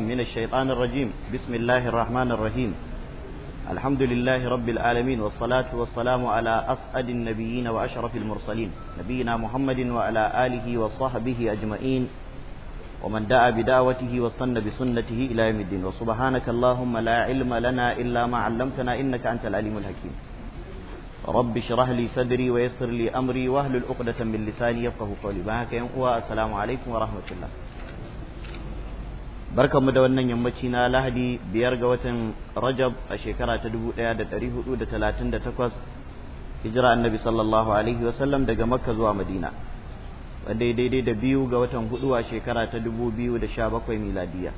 من الشيطان الرجيم بسم الله الرحمن الرحيم الحمد لله رب العالمين والصلاة والسلام على أسعد النبيين وأشرف المرسلين نبينا محمد وعلى آله وصحبه أجمعين ومن دعا بدعوته واستنى بسنته إلى يوم الدين وسبحانك اللهم لا علم لنا إلا ما علمتنا إنك أنت العليم الحكيم رب اشرح لي صدري ويسر لي أمري واهل العقدة من لساني يفقه قولي معك السلام عليكم ورحمة الله mu da wannan yammaci na lahadi biyar ga watan rajab a shekara ta dubu ɗaya da ɗari hudu da talatin da takwas hijira annabi sallallahu alaihi wasallam daga makka zuwa madina wanda daidai da biyu ga watan hudu a shekara ta dubu biyu da sha bakwai miladiya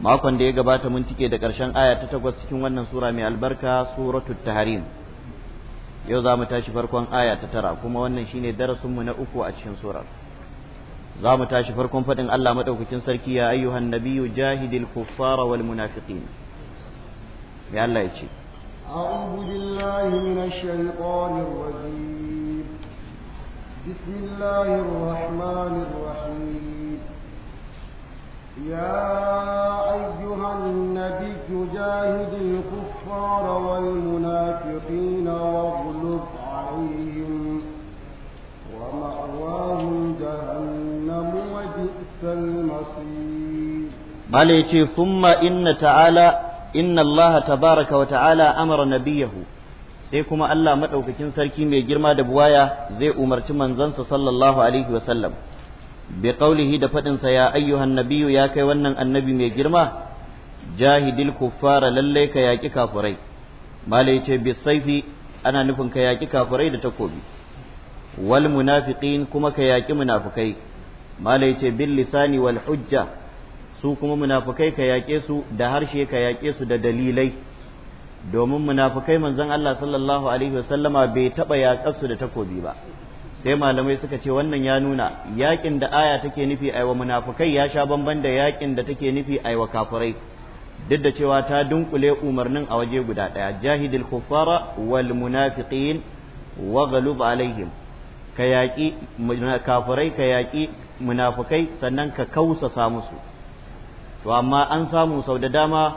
makon da ya gabata mun cike da ƙarshen aya ta takwas cikin wannan sura mai albarka suratul tahrim yau za mu tashi farkon aya ta tara kuma wannan shine darasinmu na uku a cikin surar za mu tashi farkon faɗin Allah maɗaukakin sarki ya ayyuhan nabiyyu jahidil kuffara wal munafiqin ya Allah ya ce أعوذ بالله من الشيطان الرجيم بسم الله الرحمن الرحيم يا أيها النبي جاهد الكفار والمنافقين واغلب عليهم ومأواهم جهنم بئس ce بل inna ta'ala, inna تعالى tabaraka wa ta'ala, وتعالى أمر sai kuma Allah maɗaukakin sarki mai girma da buwaya zai umarci manzansa sallallahu alaihi wasallam bi qaulihi da faɗinsa ya ayyuhan nabiyu ya kai wannan annabi mai girma jahidil kuffara lallai ka yaƙi kafurai malai ce bi saifi ana nufin ka yaƙi kafurai da takobi wal munafiqin kuma ka yaƙi munafukai malai ce bil lisani wal hujja su kuma munafukai ka yaƙe su da harshe ka yaƙe su da dalilai domin munafukai manzon Allah sallallahu alaihi wasallama bai taɓa yaƙar su da takobi ba sai malamai suka ce wannan ya nuna yaƙin da aya take nufi aiwa munafukai ya sha bamban da yaƙin da take nufi aiwa kafirai duk da cewa ta dunkule umarnin a waje guda ɗaya jahidil kuffara wal munafiqin wa alaihim ka yaƙi kafirai ka yaƙi munafukai sannan ka kausasa musu to amma an samu sau da dama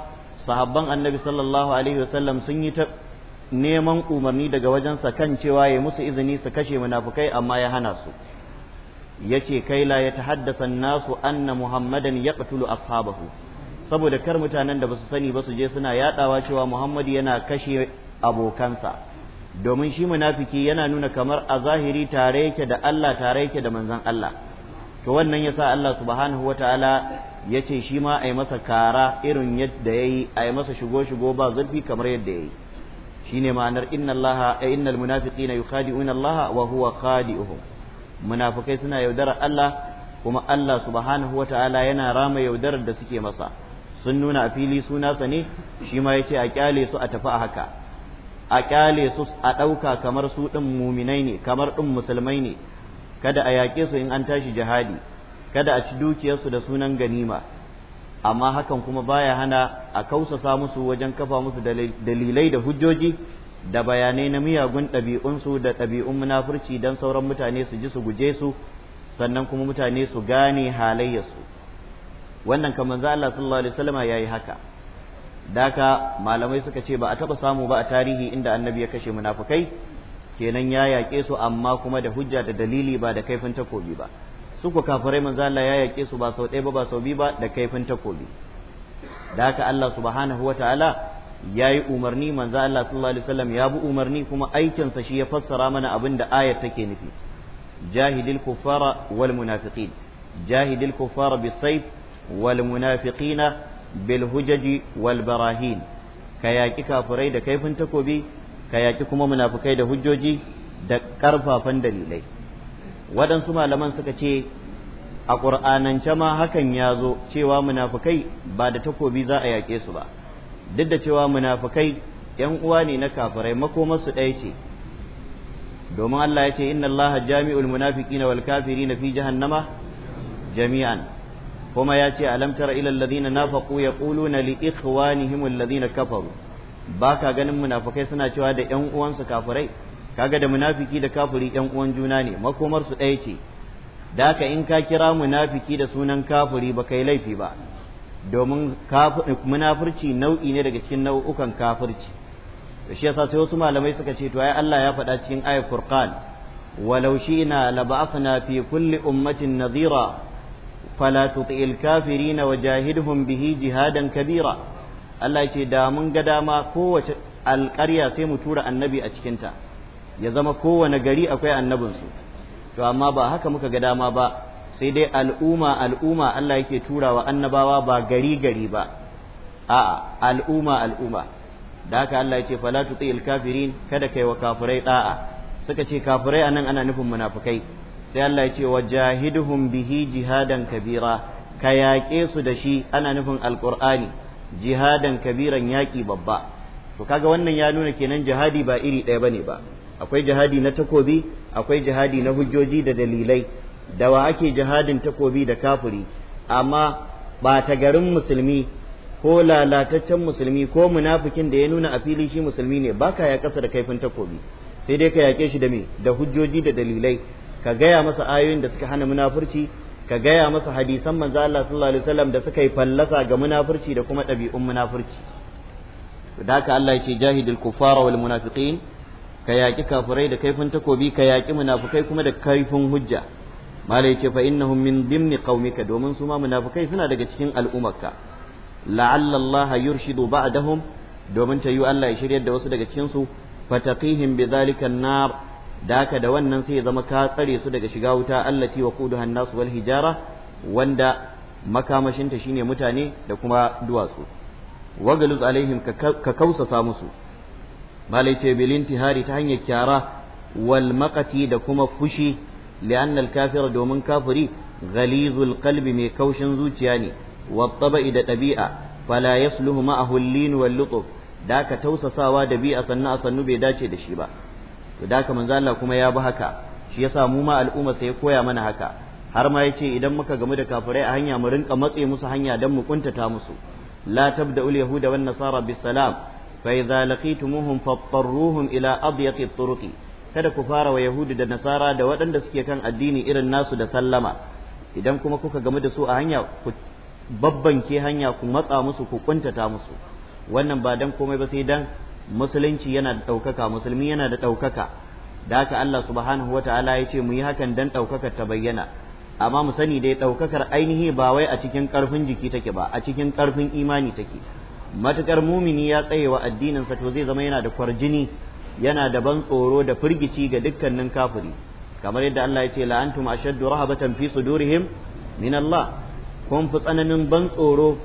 sahabban annabi sallallahu alaihi wasallam sun yi ta neman umarni daga wajensa kan cewa ya musu izini su kashe munafukai amma ya hana su yace kai la ya tahaddasa nasu anna muhammadan yaqtulu ashabahu saboda kar mutanen da ba su sani ba su je suna yadawa cewa Muhammadu yana kashe abokansa domin shi munafiki yana nuna kamar a zahiri tare yake da Allah tare yake da manzon Allah to wannan yasa Allah subhanahu wataala ya ce shi ma a yi masa kara irin yadda ya yi a yi masa shigo shigo ba zurfi kamar yadda ya yi shine ma'anar inna Allah a eh, innal munafiqina yukhadi'una Allah wa huwa khadi'uhum munafikai suna yaudarar Allah kuma Allah subhanahu wataala yana rama yaudarar da suke masa sun nuna a fili sunasa ne shi ma yace a kyale su a tafi a haka a kyale su a ɗauka kamar su ɗin muminai ne kamar ɗin musulmai ne kada a yaƙe su in an tashi jihadi kada a ci dukiyarsu da sunan ganima amma hakan kuma baya hana a kausasa musu wajen kafa musu dalilai da hujjoji da bayanai na miyagun ɗabi'unsu da ɗabi'un munafurci don sauran mutane su ji su guje su sannan kuma mutane su gane halayyarsu wannan kamar za Allah sallallahu alaihi wasallama yayi haka daka malamai suka ce ba a taɓa samu ba a tarihi inda annabi ya kashe munafukai kenan ya yaƙe su amma kuma da hujja da dalili ba da kaifin takobi ba su ku kafirai manzo Allah ya yaƙe su ba sau ɗaya ba ba sau biyu ba da kaifin takobi da Allah subhanahu wataala ya yi umarni manzo Allah sallallahu alaihi wasallam ya bi umarni kuma aikinsa shi ya fassara mana abin da ayar take nufi jahidil kuffara wal munafiqin jahidil kuffara bisayf wal munafiqina bil hujaji wal ka yaƙi kafirai da kaifin takobi ka yaƙi kuma munafukai da hujjoji da karfafan dalilai waɗansu malaman suka ce a ƙur'anance ma hakan ya zo cewa munafukai ba da takobi za a yaƙe su ba duk da cewa munafukai ‘yan uwa ne na kafirai makomarsu ɗaya ce domin Allah ya ce inna Allah jami'ul munafiqina wal kafirina fi jahannama jami'an kuma ya ce alam tara ila alladhina nafaqu yaquluna li ikhwanihim alladhina kafaru baka ganin munafikai suna cewa da ƴan uwansu kafirai kaga da munafiki da kafiri ƴan uwan juna ne makomar su ɗaya ce da ka in ka kira munafiki da sunan kafiri ba kai laifi ba domin munafurci nau'i ne daga cikin nau'ukan kafirci to shi yasa sai wasu malamai suka ce to ai Allah ya faɗa cikin ayat Furqan walau shi'na laba'athna fi kulli ummatin nadhira fala tuti'il na wajahidhun bihi jihadan kabira Allah ce da mun ga dama kowace alƙarya sai mu tura annabi a cikinta ya zama kowane gari akwai annabinsu to amma ba haka muka ga dama ba sai dai al'umma al'umma Allah yake turawa annabawa ba gari gari ba a'a al'umma al'umma da haka Allah yake fala tuti kafirin kada kai wa kafirai da'a suka ce kafirai anan ana nufin munafikai sai Allah ya ce wa jahiduhum bihi jihadan kabira ka yaƙe su da shi ana nufin alqur'ani jihadan kabiran yaƙi babba to kaga wannan ya nuna kenan jihadi ba iri ɗaya bane ba akwai jihadi na takobi akwai jihadi na hujjoji da dalilai da wa ake jihadin takobi da kafuri amma ba ta garin musulmi ko lalataccen musulmi ko munafikin da ya nuna a fili shi musulmi ne baka ya kasa da kaifin takobi sai dai ka yaƙe shi da me da hujjoji da dalilai ka gaya masa ayoyin da suka hana munafurci ka gaya masa hadisan manzo Allah sallallahu alaihi wasallam da suka yi fallasa ga munafurci da kuma ɗabi'un munafurci da haka Allah ya ce jahidil kuffara wal munafiqin ka yaƙi kafirai da kaifin takobi ka yaƙi munafukai kuma da kaifin hujja malai ce fa innahum min dimni qaumika domin su ma munafukai suna daga cikin al'ummarka la'alla Allah yurshidu ba'dahum domin ta yi Allah ya shiryar da wasu daga cikin su fataqihim nar da haka da wannan sai ya zama ka tsare su daga shiga wuta allati wa quduhan nas wal hijara wanda makamashinta shine mutane da kuma duwatsu wagaluz alaihim ka kausasa musu malai ce bil intihari ta hanyar kyara wal maqati da kuma fushi li'anna al kafira domin kafiri ghalizul qalbi mai kaushin zuciya ne wa tabai da ɗabi'a fala yasluhu ma'ahu lin wal lutuf da ka tausasawa da bi'a sannu a sannu bai dace da shi ba to da haka zalla kuma ya bi haka shi yasa mu ma al'umma sai koya mana haka har ma yace idan muka gamu da kafirai a hanya mu rinka matse musu hanya dan mu kuntata musu la tabda'ul yahuda wan nasara bis salam fa idza laqitumuhum fattaruhum ila adyaqi turuqi kada ku fara wa yahudu da nasara da waɗanda suke kan addini irin nasu da sallama idan kuma kuka gamu da su a hanya ku babbanke hanya ku matsa musu ku kuntata musu wannan ba dan komai ba sai dan musulunci yana da ɗaukaka musulmi yana da ɗaukaka da haka Allah subhanahu wa ta'ala ya ce mu yi hakan dan ɗaukakar ta bayyana amma mu sani dai ɗaukakar ainihi ba wai a cikin ƙarfin jiki take ba a cikin ƙarfin imani take matukar mumini ya tsaye wa addininsa to zai zama yana da kwarjini yana da ban tsoro da firgici ga dukkanin kafiri kamar yadda Allah ya ce la antum ashaddu rahabatan fi sudurihim min Allah kun fi tsananin ban tsoro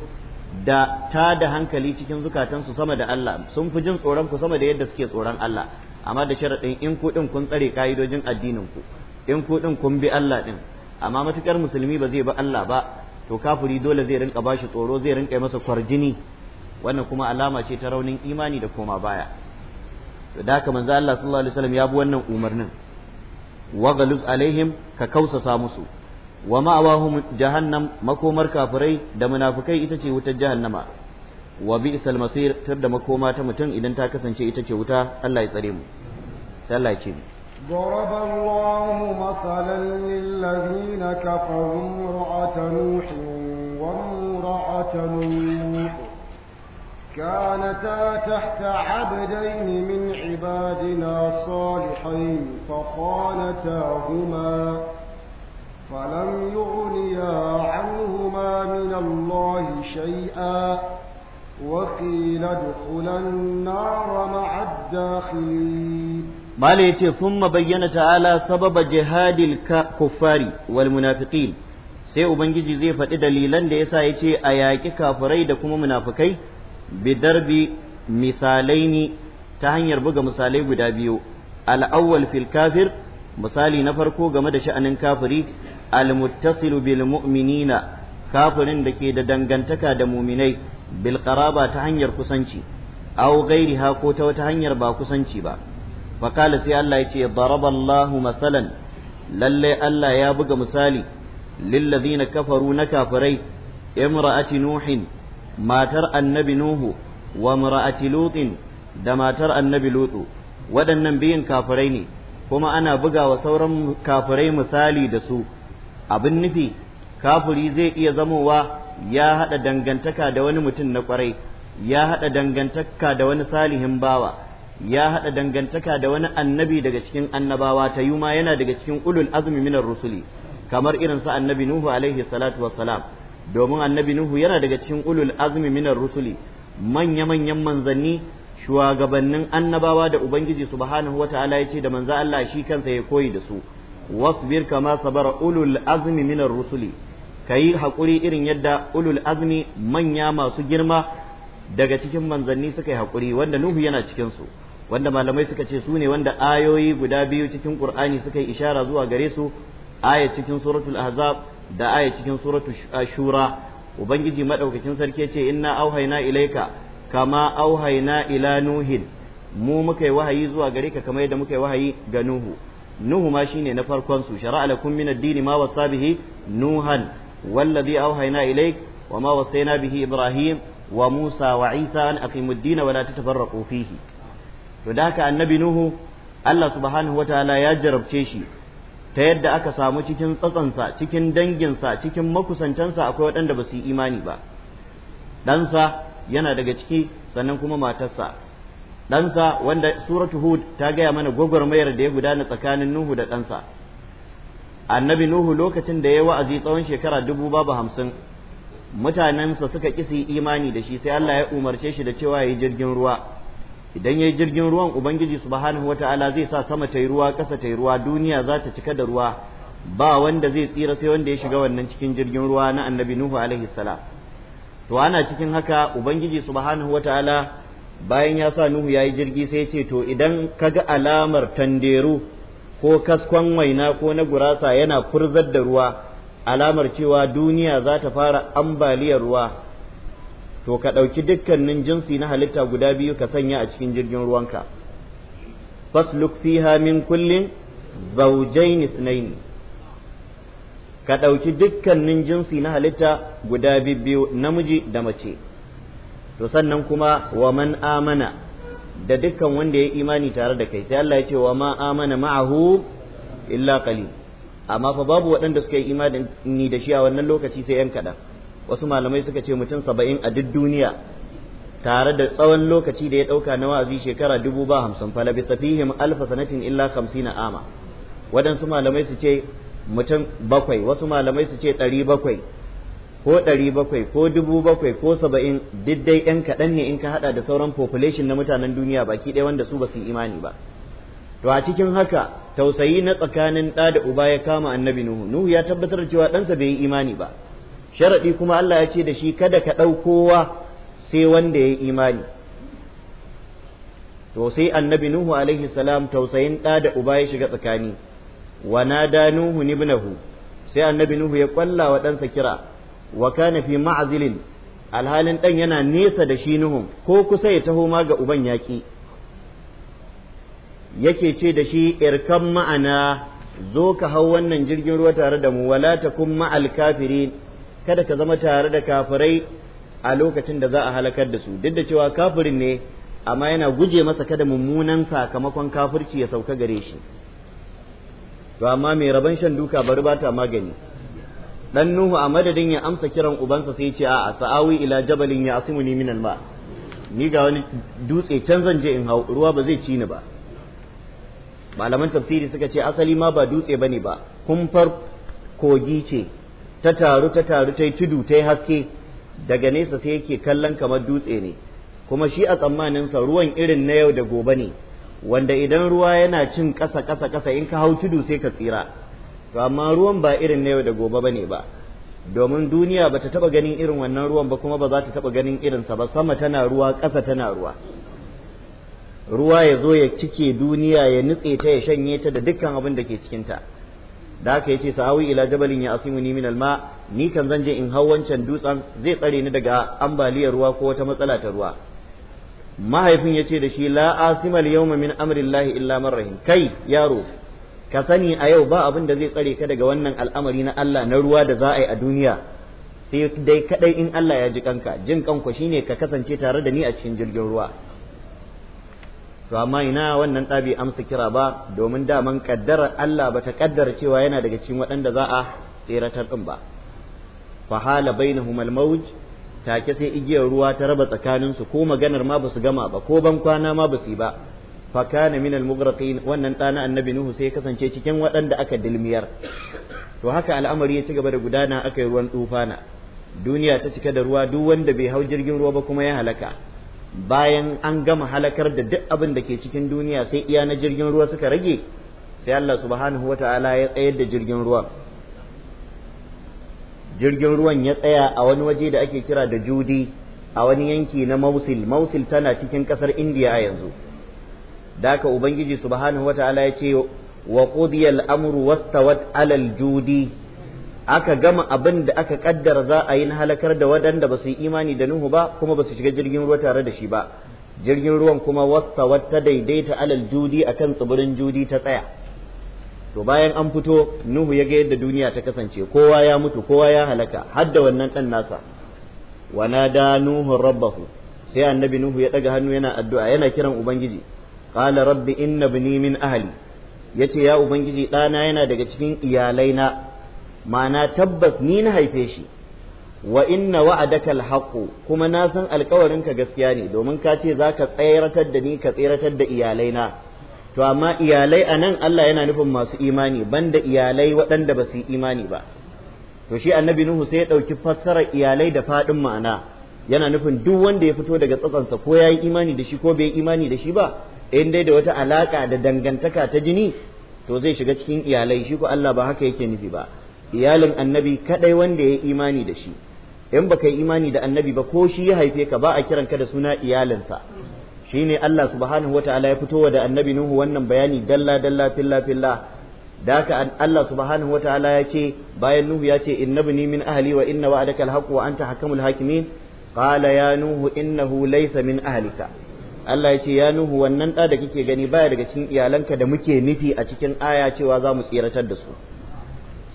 da ta da hankali cikin zukatansu sama da Allah sun fi jin tsoron ku sama da yadda suke tsoron Allah amma da sharaɗin in kuɗin kun tsare ka'idojin addinin ku in kuɗin kun bi Allah ɗin. amma matukar musulmi ba zai bi Allah ba to kafuri dole zai rinka bashi tsoro zai rinka masa kwarjini wannan kuma alama ce ta raunin imani da koma baya to da haka manzo Allah sallallahu alaihi wasallam ya bi wannan umarnin galuz alaihim ka kausasa musu wa ma'awahum jahannam makomar kafirai da munafukai ita ce wutar jahannama wa bi'sal masir tar da makoma ta mutum idan ta kasance ita ce wuta Allah ya tsare mu sai Allah ya ce ضرب الله مثلا للذين كفروا امرأة نوح وامرأة نوح كانتا تحت عبدين من عبادنا صالحين فخانتاهما فلم يغنيا عنهما من الله شيئا وقيل ادخلا النار مع الداخلين ما ليتي ثم بين تعالى سبب جهاد الكفار والمنافقين sai ubangiji zai faɗi dalilan da yasa ya ce a yaƙi kafirai da kuma munafukai bidarbi misalai ne ta hanyar buga misalai guda biyu al'awwal fil kafir misali na farko game da sha'anin kafiri almuttasilu bil mu'minina kafirin da ke da dangantaka da muminai bil qaraba ta hanyar kusanci aw ghairiha ko ta wata hanyar ba kusanci ba fa sai Allah yace baraballahu masalan Lallai Allah ya buga misali lil ladina kafaru na kafirai imra'ati nuhin matar annabi nuhu wa luɗin da matar annabi luɗu waɗannan biyun kafurai ne kuma ana buga wa sauran kafurai misali da su abin nufi kafuri zai iya zamowa ya haɗa dangantaka da wani mutum na kwarai ya haɗa dangantaka da wani salihin bawa ya haɗa dangantaka da wani annabi daga cikin annabawa ta yuma yana daga cikin ulul azumi minar rusuli kamar irin sa annabi nuhu alaihi salatu wassalam domin annabi nuhu yana daga cikin ulul azumi minar rusuli manya manyan manzanni shugabannin annabawa da ubangiji subhanahu wataala ya ce da manzo Allah shi kansa ya koyi da su wasbir kama sabara ulul azmi minar rusuli kayi hakuri irin yadda ulul azmi manya masu girma daga cikin manzanni suka yi hakuri wanda nuhu yana cikinsu wanda malamai suka ce su ne wanda ayoyi guda biyu cikin qur'ani suka yi ishara zuwa gare su aya cikin suratul ahzab da aya cikin suratul shura ubangiji madaukakin sarki ce inna auhayna ilaika kama auhayna ila nuhin mu muka yi wahayi zuwa gare ka kamar yadda muka yi wahayi ga nuhu nuhu ma shine na farkon su shar'a lakum min ad ma wasa bihi nuhan والذي أوهينا إليك وما وصينا به إبراهيم وموسى وعيسى أن أقيموا الدين ولا تتفرقوا فيه فذاك النبي نوح Allah subhanahu wa ta'ala ya jarabce shi ta yadda aka samu cikin tsatsansa cikin danginsa cikin makusantansa akwai waɗanda ba su yi imani ba ɗansa yana daga ciki sannan kuma matarsa ɗansa wanda suratu hud ta gaya mana gwagwarmayar da ya gudana tsakanin nuhu da ɗansa annabi nuhu lokacin da ya wa'azi tsawon shekara dubu babu hamsin mutanensa suka ƙi su yi imani da shi sai Allah ya umarce shi da cewa ya jirgin ruwa idan ya yi jirgin ruwan ubangiji subhanahu wata'ala zai sa sama ta yi ruwa ƙasa ta yi ruwa duniya za ta cika da ruwa ba wanda zai tsira sai wanda ya shiga wannan cikin jirgin ruwa na annabi nuhu alaihi salam to ana cikin haka ubangiji subhanahu wata'ala bayan ya sa nuhu ya yi jirgi sai ce to idan ka ga alamar tanderu ko kaskon waina ko na gurasa yana kurzar da ruwa alamar cewa duniya za ta fara ambaliyar ruwa to ka ɗauki dukkanin jinsi na halitta guda biyu ka sanya a cikin jirgin ruwanka fasluk fiha min kullin zaujaini ka ɗauki dukkanin jinsi na halitta guda biyu namiji da mace to sannan kuma wa man amana da dukkan wanda ya imani tare da kai sai Allah ya ce wa ma amana ma'ahu illa qalil amma fa babu waɗanda suka yi imani da shi a wannan lokaci sai yan kaɗan wasu malamai suka ce mutum saba'in a duk duniya tare da tsawon lokaci da ya ɗauka na wa'azi shekara dubu ba hamsin fa labisa fihim alfa sanatin illa hamsina ama waɗansu malamai su ce mutum bakwai wasu malamai su ce ɗari bakwai ko ɗari bakwai ko dubu bakwai ko saba'in duk dai ‘yan kaɗan ne in ka haɗa da sauran population na mutanen duniya baki ɗaya wanda su ba su yi imani ba to a cikin haka tausayi na tsakanin ɗa da uba ya kama annabi nuhu nuhu ya tabbatar cewa ɗansa bai yi imani ba sharaɗi kuma Allah ya ce da shi kada ka ɗau kowa sai wanda ya yi imani to sai annabi nuhu alaihi salam tausayin ɗa da uba ya shiga tsakani wa nada nuhu ibnahu sai annabi nuhu ya kwalla wa ɗansa kira wa kana fi ma'azilin alhalin dan yana nesa da shi nuhun ko kusa ya taho ma ga uban yaki yake ce da shi irkan ma'ana zo ka hau wannan jirgin ruwa tare da mu wala takun ma'al kafirin kada ka zama tare da kafirai a lokacin da za a halakar da su duk da cewa kafirin ne amma yana guje masa kada mummunan sakamakon kafirci ya sauka gare shi to amma mai rabon shan duka bari ba ta magani dan nuhu a madadin ya amsa kiran ubansa sai ya ce a'a sa'awi ila jabalin ya asimuni min alma ni ga wani dutse can zan je in hau ruwa ba zai ci ni ba malaman tafsiri suka ce asali ma ba dutse bane ba kumfar kogi ce ta taru ta taru ta yi tudu ta yi haske daga nesa sai yake kallon kamar dutse ne kuma shi a tsammanin sa ruwan irin na yau da gobe ne wanda idan ruwa yana cin ƙasa kasa ƙasa in ka hau tudu sai ka tsira to amma ruwan ba irin na yau da gobe bane ba domin duniya bata taba ganin irin wannan ruwan ba kuma ba za ta taba ganin irin sa ba sama tana ruwa ƙasa tana ruwa ruwa ya zo ya cike duniya ya nutse ta ya shanye ta da dukkan abin da ke cikinta da aka yace sa'awi ila jabalin ya asimuni ni min alma ni kan zanje in hau wancan dutsen zai tsare ni daga ambaliyar ruwa ko wata matsala ta ruwa mahaifin yace da shi la asimal yawma min amrillahi illa man rahim kai yaro ka sani a yau ba abin da zai tsare ka daga wannan al'amari na Allah na ruwa da za a yi a duniya sai dai kadai in Allah ya ji kanka jin kanka shine ka kasance tare da ni a cikin jirgin ruwa to amma ina wannan ɗabi amsa kira ba domin daman kaddara Allah ba ta kaddara cewa yana daga cikin waɗanda za a tseratar ɗin ba Fa fahala bainahumal mawj take sai igiyar ruwa ta raba tsakaninsu ko maganar ma basu gama ba ko ban kwana ma basu yi ba fa kana min al wannan ɗana annabi nuhu sai ya kasance cikin waɗanda aka dilmiyar to haka al'amari ya cigaba gaba da gudana aka yi ruwan tufana duniya ta cika da ruwa duk wanda bai hau jirgin ruwa ba kuma ya halaka bayan an gama halakar da duk abin da ke cikin duniya sai iya na jirgin ruwa suka rage sai Allah subhanahu wata'ala ya tsayar da jirgin ruwa jirgin ruwan ya tsaya a wani waje da ake kira da judi a wani yanki na mausil mausil tana cikin kasar indiya a yanzu Da ka ubangiji subhanahu wataala ya ce wa qudiya al-amru wastawat alal judi aka gama abin da aka kaddara za a yi na halakar da waɗanda ba su yi imani da Nuhu ba kuma ba su shiga jirgin ruwa tare da shi ba jirgin ruwan kuma wastawat ta daidaita alal judi kan tsibirin judi ta tsaya to bayan an fito Nuhu ya ga yadda duniya ta kasance kowa ya mutu kowa ya halaka har da wannan ɗan nasa wana da Nuhu rabbahu sai annabi Nuhu ya ɗaga hannu yana addu'a yana kiran ubangiji qala rabbi inna bani min ahli yace ya ubangiji ɗana yana daga cikin iyalaina ma'ana tabbas ni na haife shi wa inna wa'adaka alhaqu kuma na san ka gaskiya ne domin ka ce zaka tsayaratar da ni ka tsayaratar da iyalaina to amma iyalai anan Allah yana nufin masu imani banda iyalai waɗanda ba su yi imani ba to shi annabi nuhu sai ya ɗauki fassarar iyalai da faɗin ma'ana yana nufin duk wanda ya fito daga tsatsansa ko ya yi imani da shi ko bai yi imani da shi ba in dai da wata alaka da dangantaka ta jini to zai shiga cikin iyalai shi ko Allah ba haka yake nufi ba iyalin annabi kadai wanda ya imani da shi in baka yi imani da annabi ba ko shi ya haife ka ba a kiranka da suna iyalinsa shine Allah subhanahu wataala ya fitowa da annabi Nuhu wannan bayani dalla dalla filla filla da haka Allah subhanahu wataala ya ce bayan Nuhu ya ce innabni min ahli wa inna wa'adaka alhaq wa anta hakamul hakimin qala ya nuhu innahu laysa min ahlika Allah ya ce ya nuhu wannan ɗa da kike gani baya daga cikin iyalanka da muke nufi a cikin aya cewa za mu tsiratar da su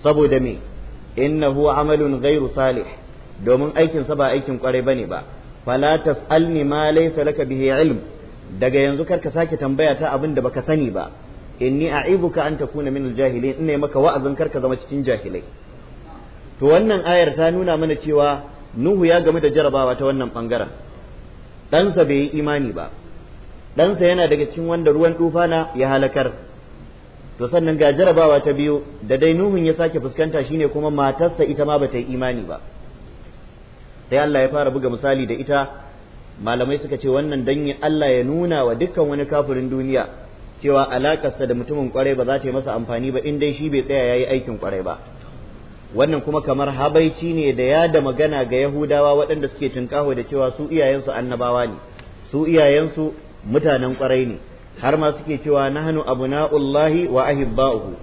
saboda me innahu amalun ghairu salih domin aikin sa ba aikin kwarai bane ba fala tasalni ma laysa laka bihi ilm daga yanzu kar ka sake tambaya ta abin da baka sani ba inni a'ibuka an takuna min aljahilin ina maka wa'azin kar ka zama cikin jahilai to wannan ayar ta nuna mana cewa nuhu ya gamu da jarabawa ta wannan bangaren ɗansa bai yi imani ba ɗansa yana daga cikin wanda ruwan na ya halakar to sannan ga jarabawa ta biyu da dai nuhun ya sake fuskanta shine kuma matarsa ita ma bata yi imani ba sai Allah ya fara buga misali da ita malamai suka ce wannan dan Allah ya nuna wa dukkan wani kafirin duniya cewa alakarsa da mutumin kwarai ba za ta yi masa amfani ba in dai shi bai tsaya yayi aikin kwarai ba wannan kuma kamar habaici ne da ya da magana ga yahudawa waɗanda suke tunƙaho da cewa su iyayensu annabawa ne su iyayensu mutanen ƙwarai ne har ma suke cewa nahnu abna'ullahi wa ahibba'uhu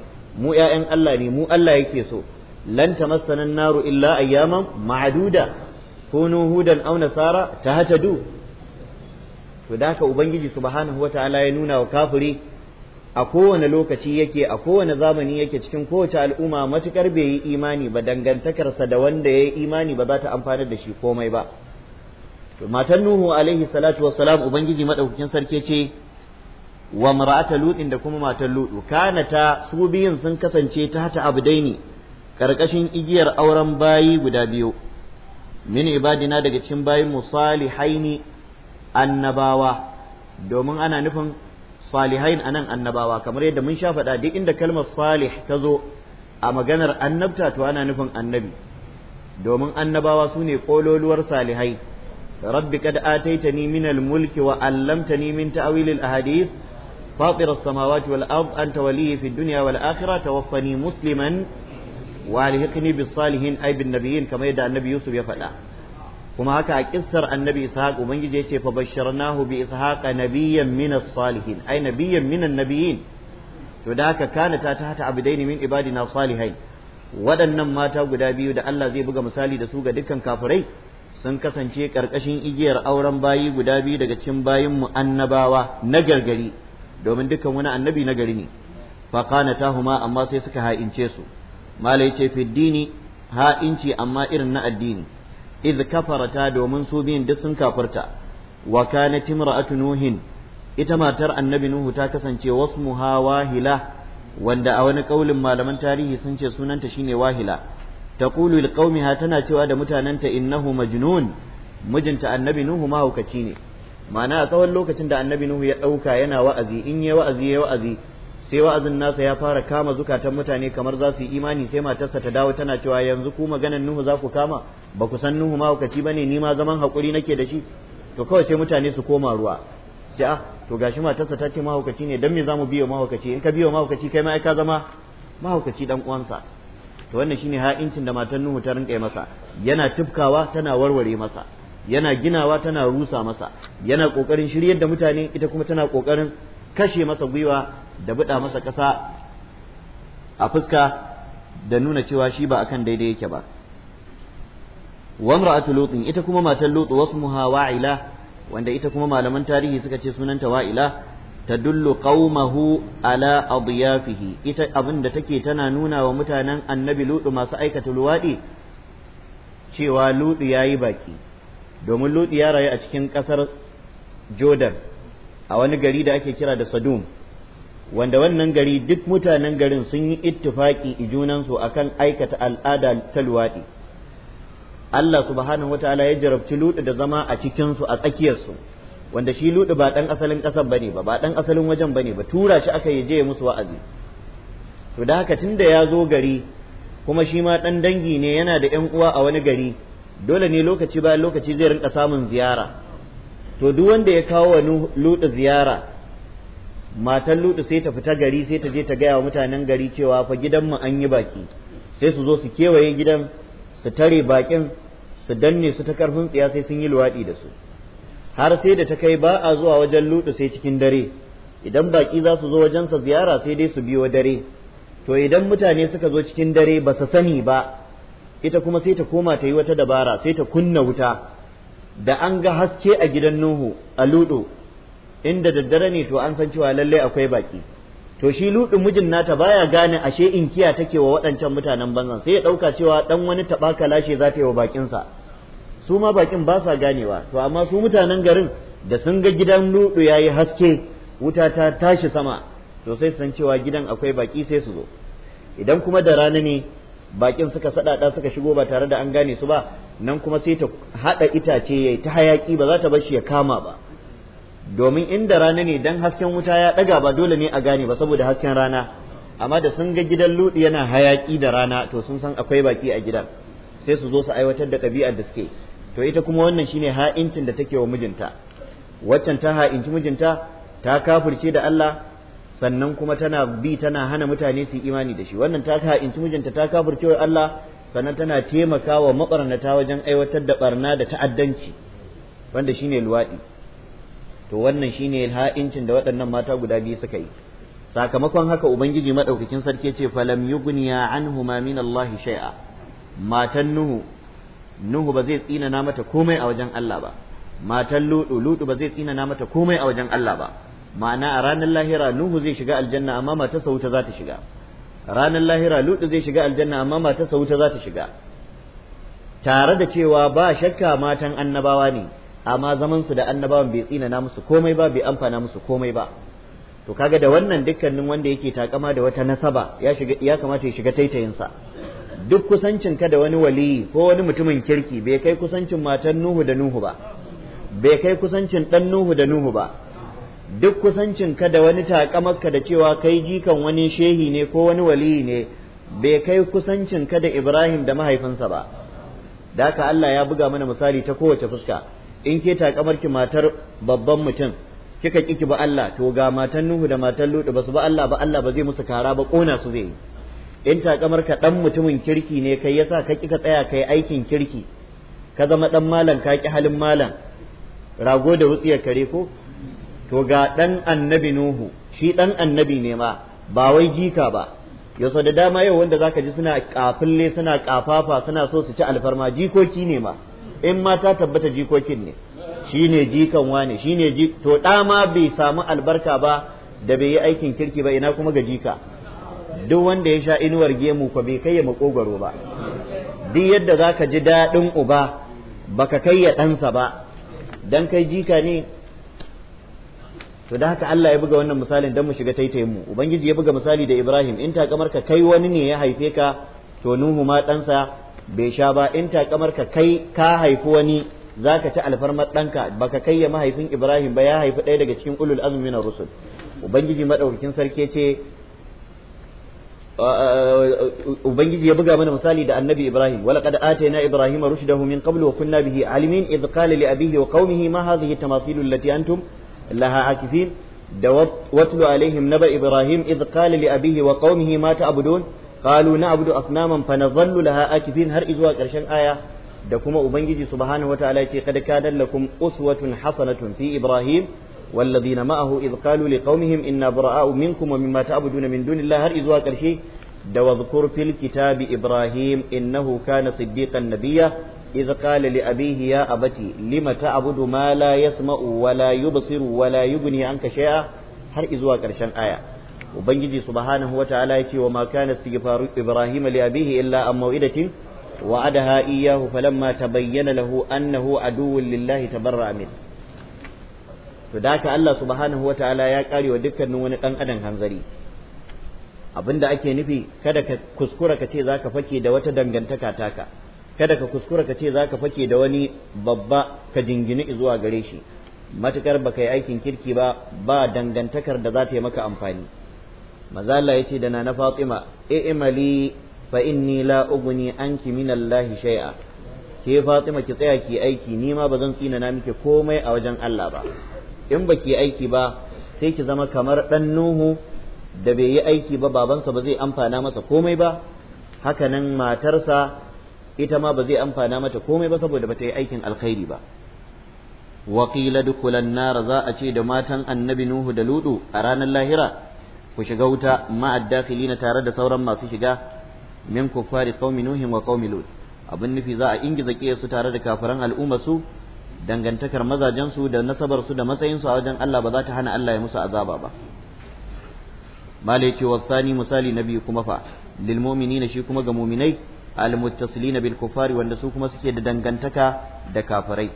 mu ƴaƴan Allah ne mu Allah yake so lan tamassana naru illa ayyaman ma'duda kunu hudan aw nasara tahtadu to da ka ubangiji subhanahu wataala ya nuna wa kafiri a kowane lokaci yake a kowane zamani yake cikin kowace al'umma matukar bai yi imani ba dangantakarsa da wanda ya yi imani ba za ta amfanar da shi komai ba matan nuhu alaihi salatu wassalam ubangiji madaukakin sarki ce wa mar'ata lutin da kuma matan lutu kana ta su biyun sun kasance ta hata abdaini karkashin igiyar auren bayi guda biyu min ibadina daga cikin bayin musalihaini annabawa domin ana nufin salihain anan annabawa kamar yadda mun sha faɗa duk inda kalmar salih ta zo a maganar annabta to ana nufin annabi domin annabawa su ne kololuwar salihai rabbi kad ataitani min mulki wa 'allamtani min ta'wil al-ahadith فاطر السماوات والأرض أنت ولي في الدنيا والآخرة توفني مسلما والهقني بالصالحين أي بالنبيين كما يدعى النبي يوسف يفعل kuma haka a kissar annabi ishaq ubangiji ya ce fa basharnahu bi ishaqa nabiyyan min as-salihin ai nabiyyan min an-nabiyyin to da haka kana ta ta hata abidaini min ibadina salihai waɗannan mata guda biyu da Allah zai buga misali da su ga dukkan kafirai sun kasance karkashin igiyar auren bayi guda biyu daga cikin bayin mu annabawa na gargari domin dukkan wani annabi na gari ne fa kana huma amma sai suka ha'ince su malai ce fi dini ha'inci amma irin na addini iz kafarata domin su biyin duk sun kafirta wa kanat imra'atu nuhin ita matar annabi nuhu ta kasance wasmuha wahila wanda a wani kaulin malaman tarihi sun ce sunanta shine wahila taqulu liqaumiha tana cewa da mutananta innahu majnun mijinta annabi nuhu mahaukaci ne ma'ana a tsawon lokacin da annabi nuhu ya ɗauka yana wa'azi in ya wa'azi ya wa'azi sai wa'azin nasa ya fara kama zukatan mutane kamar za su yi imani sai matarsa ta dawo tana cewa yanzu ku maganan nuhu za ku kama ba ku san nuhu mahaukaci ba ne ni ma zaman haƙuri nake da shi to kawai sai mutane su koma ruwa sai ah to gashi matarsa ta ce mahaukaci ne dan me zamu biyo mahaukaci in ka biyo mahaukaci kai ma ai ka zama mahaukaci dan uwansa to wannan shine ha'incin da matan Nuhu ta rinka masa yana tifkawa tana warware masa yana ginawa tana rusa masa yana kokarin shiryar da mutane ita kuma tana kokarin kashe masa gwiwa da buɗa masa ƙasa a fuska da nuna cewa shi ba akan daidai yake ba wa imra'atu lutin ita kuma matar lutu wasmuha wa'ila wanda ita kuma malaman tarihi suka ce sunanta wa'ila tadullu qaumahu ala adiyafihi ita abin da take tana nuna wa mutanen annabi lutu masu aikata luwaɗi? cewa lutu yayi baki domin lutu ya rayu a cikin kasar jordan a wani gari da ake kira da sadum wanda wannan gari duk mutanen garin sun yi ittifaki junansu akan aikata al'ada ta luwaɗi Allah subhanahu wataala ya jarabci luɗu da zama a cikin su a tsakiyar su wanda shi luɗu ba dan asalin kasar bane ba ba dan asalin wajen bane ba tura shi aka yi je musu wa'azi to da haka tunda ya zo gari kuma shi ma dan dangi ne yana da ƴan uwa a wani gari dole ne lokaci bayan lokaci zai rinka samun ziyara to duk wanda ya kawo wa luɗi ziyara matan luɗi sai ta fita gari sai ta je ta gaya wa mutanen gari cewa fa gidanmu an yi baki sai su zo su kewaye gidan su tare bakin su danne su ta karfin tsiya sai sun yi luwaɗi da su har sai da ta kai ba a zuwa wajen lutu sai cikin dare idan baƙi za su zo wajensa ziyara sai dai su biyo dare to idan mutane suka zo cikin dare ba su sani ba ita kuma sai ta koma ta yi wata dabara sai ta kunna wuta da an ga haske a gidan nuhu a ludo inda daddare ne to an san cewa lallai akwai baƙi to shi ludin mijin nata baya gane ashe inkiya take wa waɗancan mutanen banzan sai ya ɗauka cewa ɗan wani taɓa lashe za ta yi wa bakinsa su ma bakin ba sa ganewa to amma su mutanen garin da sun ga gidan ludu ya yi haske wuta ta tashi sama to sai san cewa gidan akwai baki sai su zo idan kuma da rana ne bakin suka saɗaɗa suka shigo ba tare da an gane su ba nan kuma sai ta haɗa itace ya ta hayaƙi ba za ta bar shi ya kama ba domin inda rana ne dan hasken wuta ya ɗaga ba dole ne a gane ba saboda hasken rana amma da sun ga gidan luɗi yana hayaki da rana to sun san akwai baki a gidan sai su zo su aiwatar da ɗabi'ar da suke to ita kuma wannan shine ha'incin da take wa mijinta waccan ta ha'inci mijinta ta kafirce da Allah sannan kuma tana bi tana hana mutane su imani da shi wannan ta ha'inci mijinta ta kafirce wa Allah sannan tana taimakawa maɓarnata wajen aiwatar da barna da ta'addanci wanda shine luwaɗi to wannan shine ha'incin da waɗannan mata guda biyu suka yi sakamakon haka ubangiji madaukakin sarki ce falam yughniya anhuma min Allah shay'a matan nuhu nuhu ba zai tsina na mata komai a wajen Allah ba matan ludu ludu ba zai tsina na mata komai a wajen Allah ba ma'ana a ranar lahira nuhu zai shiga aljanna amma mata sauta za ta shiga ranar lahira ludu zai shiga aljanna amma mata sauta za ta shiga tare da cewa ba shakka matan annabawa ne amma zamansu da annabawan bai tsina na musu komai ba bai amfana musu komai ba to kaga da wannan dukkanin wanda yake takama da wata nasaba ya shiga ya kamata ya shiga taitayinsa duk kusancin ka da wani wali ko wani mutumin kirki bai kai kusancin matan Nuhu da Nuhu ba bai kai kusancin dan Nuhu da Nuhu ba duk kusancin ka da wani takamarka da cewa kai jikan wani shehi ne ko wani waliyi ne bai kai kusancin ka da Ibrahim da mahaifinsa ba da haka Allah ya buga mana misali ta kowace fuska in ke takamar ki matar babban mutum kika ki ba Allah to ga matan Nuhu da matan Lutu basu ba Allah ba Allah ba zai musu kara ba kona su zai in takamar ka dan mutumin kirki ne kai yasa ka kika tsaya kai aikin kirki ka zama dan malam ka ki halin malam rago da wutsiyar kare ko to ga dan annabi Nuhu shi dan annabi ne ma ba wai jika ba yau da dama yau wanda zaka ji suna kafille suna kafafa suna so su ci alfarma jikoki ne ma in ma ta tabbata jikokin ne shi ne jikan wane shi ji to ɗa ma bai samu albarka ba da bai yi aikin kirki ba ina kuma ga jika duk wanda ya sha inuwar gemu ko bai kai ya makogaro ba duk yadda za ka ji daɗin uba baka kai ya ɗansa ba dan kai jika ne to da haka Allah ya buga wannan misalin dan mu shiga taitayin mu ubangiji ya buga misali da Ibrahim in ta kamar ka kai wani ne ya haife ka to Nuhu ma ɗansa bai sha ba in takamar ka kai ka haifi wani zaka ci alfarmar ɗanka baka kai ya mahaifin Ibrahim ba ya haifi ɗaya daga cikin ulul azumi na rusul ubangiji madaukakin sarki ce uh, uh, uh, ubangiji ya buga mana misali da annabi Ibrahim wala qad atayna ibrahima rushdahu min qablu wa kunna bihi alimin idh qala li abihi wa qaumihi ma hadhihi tamasilu allati antum laha akifin da watlu alaihim naba ibrahim idh qala li abihi wa qaumihi ma ta'budun qalu na'budu asnaman fa nadhallu laha akifin har izuwa karshen aya da kuma ubangiji subhanahu wataala yace kad kana lakum uswatun hasanatun fi ibrahim والذين معه إذ قالوا لقومهم إنا براء منكم ومما تعبدون من دون الله هل إذوا كرشي واذكر في الكتاب إبراهيم إنه كان صديقا نبيا إذ قال لأبيه يا أبتي لم تعبد ما لا يسمع ولا يبصر ولا يغني عنك شيئا هل إذوا كرشان آية ubangiji subhanahu wataala yace wa ma kana istighfaru ibrahima li abihi illa an mau'idatin wa'adaha iyyahu falamma tabayyana lahu annahu aduwwun lillahi tabarra'a min to da Allah subhanahu wataala ya kare wa dukkanin wani dan adam hanzari abinda ake nufi kada ka kuskura ka ce zaka fake da wata dangantaka taka kada ka kuskura ka ce zaka fake da wani babba ka jingini zuwa gare shi matukar baka yi aikin kirki ba ba dangantakar da za ta yi maka amfani mazala ya ce da na Fatima i'mali fa inni la ugni anki min Allah shay'a ke Fatima ki tsaya ki aiki ni ma bazan tsina na miki komai a wajen Allah ba in baki aiki ba sai ki zama kamar dan Nuhu da bai yi aiki ba babansa ba zai amfana masa komai ba haka nan matarsa ita ma ba zai amfana mata komai ba saboda ba ta yi aikin alkhairi ba Wakila dukulan nara za a ce da matan annabi nuhu da ludu a ranar lahira ku shiga wuta ma'adda na tare da sauran masu shiga min kufari qaumi nuhin wa qaumi lut abin nufi za a ingiza su tare da kafiran al'umma su dangantakar mazajen su da nasabar su da matsayin su a wajen Allah ba za ta hana Allah ya musu azaba ba malai wa sani misali na biyu kuma fa lil mu'minina shi kuma ga mu'minai al muttasilina bil wanda su kuma suke da dangantaka da kafirai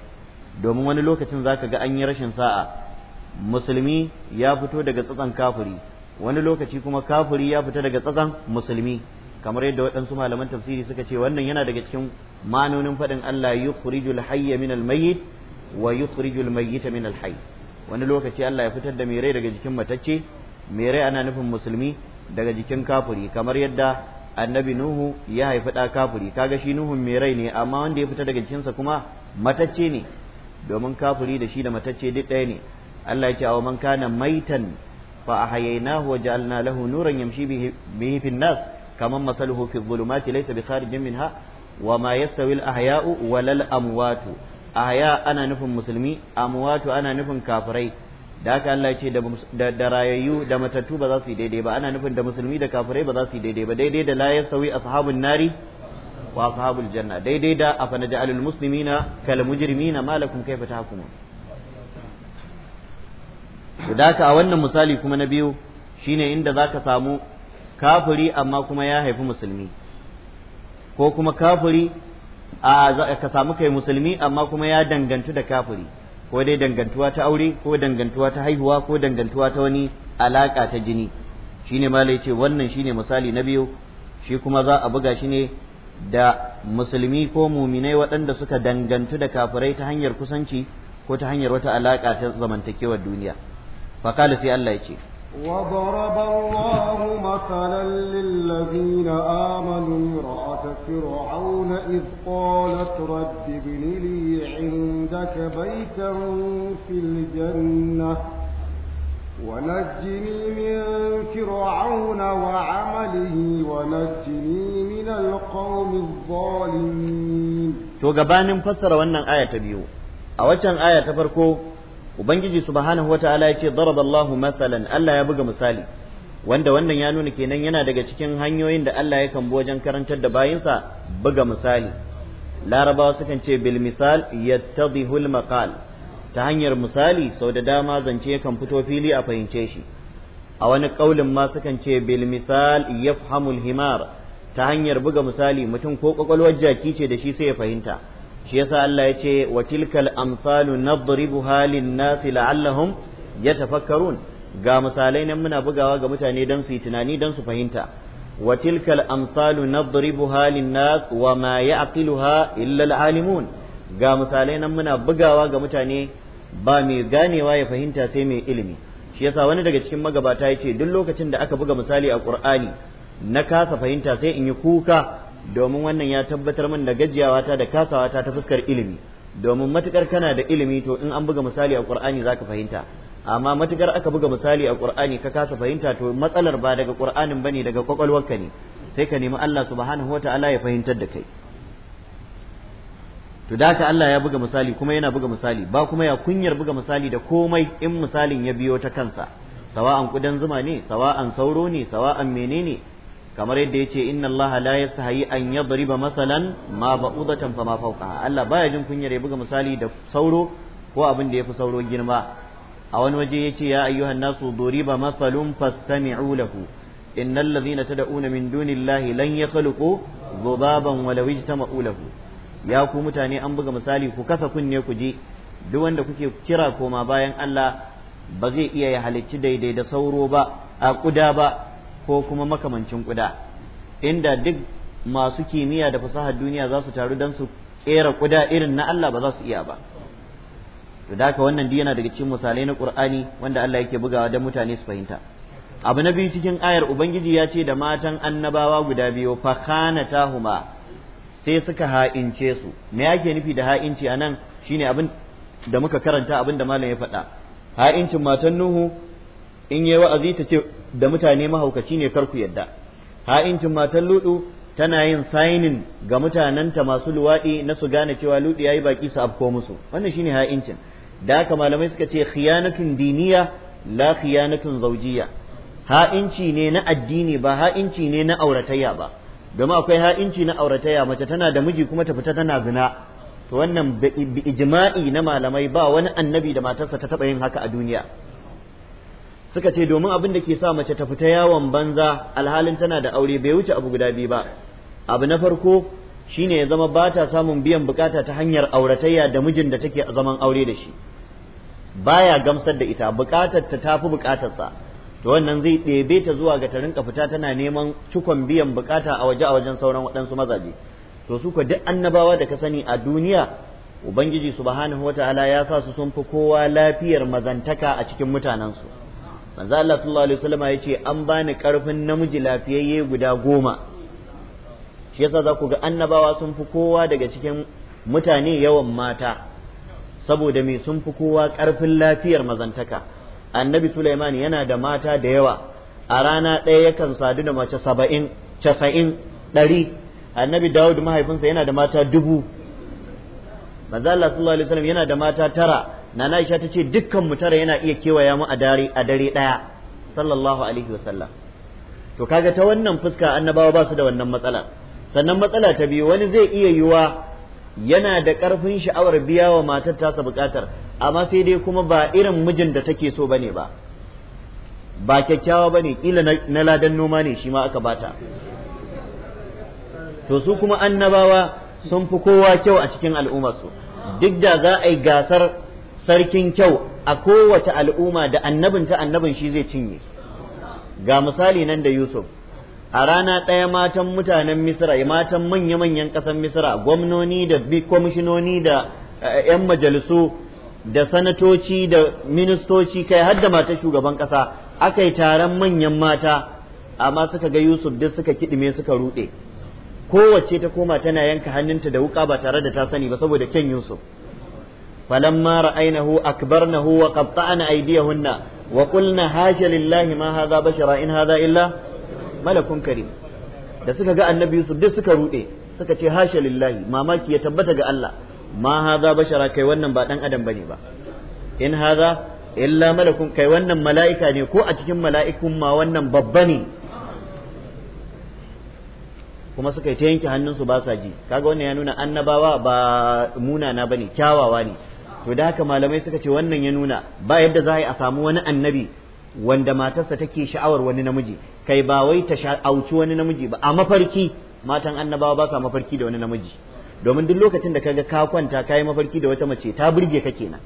domin wani lokacin zaka ga an yi rashin sa'a musulmi ya fito daga tsatsan kafiri wani lokaci kuma kafiri ya fita daga tsakan musulmi kamar yadda waɗansu malaman tafsiri suka ce wannan yana daga cikin manonin faɗin Allah yukhrijul hayya minal mayyit wa yukhrijul mayyita minal hayy wani lokaci Allah ya fitar da mai daga jikin matacce mai rai ana nufin musulmi daga jikin kafiri kamar yadda annabi nuhu ya haifi ɗa kafiri kaga shi nuhun mai rai ne amma wanda ya fita daga jikinsa kuma matacce ne domin kafiri da shi da matacce duk ɗaya ne Allah ya ce awa man kana maitan فأحييناه وجعلنا له نورا يمشي به, به في الناس كمن مثله في الظلمات ليس بخارج منها وما يستوي الأحياء ولا الأموات أحياء أنا نفهم مسلمي أموات أنا نفهم كافري da haka Allah ce da rayayyu da matattu ba za su yi daidai ba ana nufin da musulmi da kafirai ba za su yi daidai ba daidai da la yasawi ashabun nari wa ashabul janna daidai da afana ja'alul muslimina kal mujrimina malakum kayfa tahkumun da haka a wannan misali kuma na biyu shine inda zaka samu kafiri amma kuma ya haifi musulmi ko kuma kafiri a ka samu kai musulmi amma kuma ya dangantu da kafiri ko dai dangantuwa ta aure ko dangantuwa ta haihuwa ko dangantuwa ta wani alaka ta jini shine ma ce wannan shine misali na biyu shi kuma za a buga shi ne da musulmi ko muminai waɗanda suka dangantu da kafirai ta hanyar kusanci ko ta hanyar wata alaka ta zamantakewar duniya فقال سي الله يجي وضرب الله مثلا للذين آمنوا امرأة فرعون إذ قالت رب ابن لي عندك بيتا في الجنة ونجني من فرعون وعمله ونجني من القوم الظالمين to gabanin fassara wannan aya ta biyu a waccan aya ta farko ubangiji subhanahu wataala yace daraballahu masalan Allah ya buga misali wanda wannan ya nuna kenan yana daga cikin hanyoyin da Allah ya bi wajen karantar da bayinsa buga misali larabawa sukan ce bil misal yattadihul maqal ta hanyar misali sau da dama zance kan fito fili a fahimce shi a wani kaulin ma sukan ce bil misal yafhamul himar ta hanyar buga misali mutum ko kwakwalwar jaki ce da shi sai ya fahimta shi yasa Allah ya ce wa tilkal amsalu nadribu halin nas la'allahum yatafakkarun ga misalai nan muna bugawa ga mutane dan su yi tunani dan su fahimta wa tilkal amsalu nadribu halin nas wa ma ya'qiluha illa al'alimun ga misalai nan muna bugawa ga mutane ba mai ganewa ya fahimta sai mai ilimi shi yasa wani daga cikin magabata ya ce duk lokacin da aka buga misali a Qur'ani na kasa fahimta sai in yi kuka domin wannan ya tabbatar min da gajiyawata da kasawata ta fuskar ilimi domin matukar kana da ilimi to in an buga misali a qur'ani zaka fahimta amma matukar aka buga misali a qur'ani ka kasa fahimta to matsalar ba daga qur'anin bane daga kwakwalwarka ne sai ka nemi Allah subhanahu wataala ya fahimtar da kai to da Allah ya buga misali kuma yana buga misali ba kuma ya kunyar buga misali da komai in misalin ya biyo ta kansa sawa'an kudan zuma ne sawa'an sauro ne sawa'an menene kamar yadda ce inna Allah la yastahi an yadriba masalan ma ba'udatan fama fawqaha Allah baya jin kunyar ya buga misali da sauro ko abin da yafi sauro girma a wani waje yace ya ayyuhan nasu duriba masalun fastami'u lahu innal ladhina tad'una min dunillahi lan yakhluqu dhubaban walaw ijtama'u lahu ya ku mutane an buga misali ku kasa kunne ku ji duk wanda kuke kira koma bayan Allah ba zai iya ya halicci daidai da sauro ba a kuda ba ko kuma makamancin kuda inda duk masu kimiyya da fasahar duniya za su taru don su kera kuda irin na Allah ba za su iya ba to da haka wannan yana daga cikin misalai na Qur'ani wanda Allah yake bugawa don mutane su fahimta abu na biyu cikin ayar ubangiji ya ce da matan annabawa guda biyu fa khanatahuma sai suka ha'ince su me yake nufi da ha'inci anan shine abin da muka karanta abin da malam ya faɗa ha'incin matan Nuhu in yi wa'azi ta ce da mutane mahaukaci ne kar ku yadda ha'incin matan ludu tana yin sainin ga mutanenta masu luwaɗi na su gane cewa ludu yi baki su afko musu wannan shine ha'incin da haka malamai suka ce khiyanatun diniya la khiyanatun zawjiyya ha'inci ne na addini ba ha'inci ne na auratayya ba domin akwai ha'inci na auratayya mace tana da miji kuma ta fita tana zina to wannan bi ijma'i na malamai ba wani annabi da matarsa ta taɓa yin haka a duniya suka ce domin abin da ke sa mace ta fita yawon banza alhalin tana da aure bai wuce abu guda biyu ba abu na farko shine ya zama ba ta samun biyan bukata ta hanyar auratayya da mijin da take zaman aure da shi baya gamsar da ita bukatar ta tafi bukatarsa to wannan zai ɗebe ta zuwa ga ta fita tana neman cikon biyan bukata a waje a wajen sauran waɗansu mazaje to su duk annabawa da ka sani a duniya ubangiji subhanahu wataala ya sa su sun fi kowa lafiyar mazantaka a cikin mutanensu manzo Allah sallallahu alaihi wasallam yace an bani karfin namiji lafiyayye guda goma shi yasa za ku ga annabawa sun fi kowa daga cikin mutane yawan mata saboda me sun fi kowa karfin lafiyar mazantaka annabi Sulaiman yana da mata da yawa a rana ɗaya yakan sadu da mace saba'in casa'in ɗari annabi Dawud mahaifinsa yana da mata dubu manzo Allah sallallahu alaihi wasallam yana da mata tara nana Aisha ta ce dukkan mu tara yana iya kewaya mu a dare a dare daya sallallahu alaihi wasallam to kaga ta wannan fuska annabawa ba su da wannan matsala sannan matsala ta biyu wani zai iya yiwa yana da karfin sha'awar biya wa matar tasa bukatar amma sai dai kuma ba irin mijin da take so bane ba ba kyakkyawa bane kila na ladan noma ne shi ma aka bata to su kuma annabawa sun fi kowa kyau a cikin al'ummarsu duk da za a yi gasar sarkin kyau a kowace al'umma da annabin ta annabin shi zai cinye ga misali nan da Yusuf a rana ɗaya matan mutanen Misra matan manya-manyan ƙasar Misra gwamnoni da kwamishinoni da 'yan eh, majalisu da sanatoci da ministoci kai har da mata shugaban ƙasa aka yi taron manyan mata amma suka ga Yusuf duk suka kiɗime suka ruɗe kowace ta koma tana yanka hannunta da wuƙa ba tare da ta sani ba saboda kyan Yusuf فلما رأينه أكبرنه وقطعنا أيديهن وقلنا هاش لله ما هذا بشر إن هذا إلا ملك كريم da suka ga annabi Yusuf duk suka ruɗe suka ce hasha lillahi mamaki ya tabbata ga Allah ma hadha bashara kai wannan ba dan adam bane ba in haza illa malakun kai wannan mala'ika ne ko a cikin mala'ikun ma wannan babba ne kuma suka yi ta yanke hannunsu ba sa ji kaga wannan ya nuna annabawa ba munana ba ne kyawawa ne to da haka malamai suka ce wannan ya nuna ba yadda za a yi a samu wani annabi wanda matarsa take sha'awar wani namiji kai ba wai ta auci wani namiji ba a mafarki matan annabawa ba sa mafarki da wani namiji domin duk lokacin da kaga ka kwanta kayi mafarki da wata mace ta burge ka kenan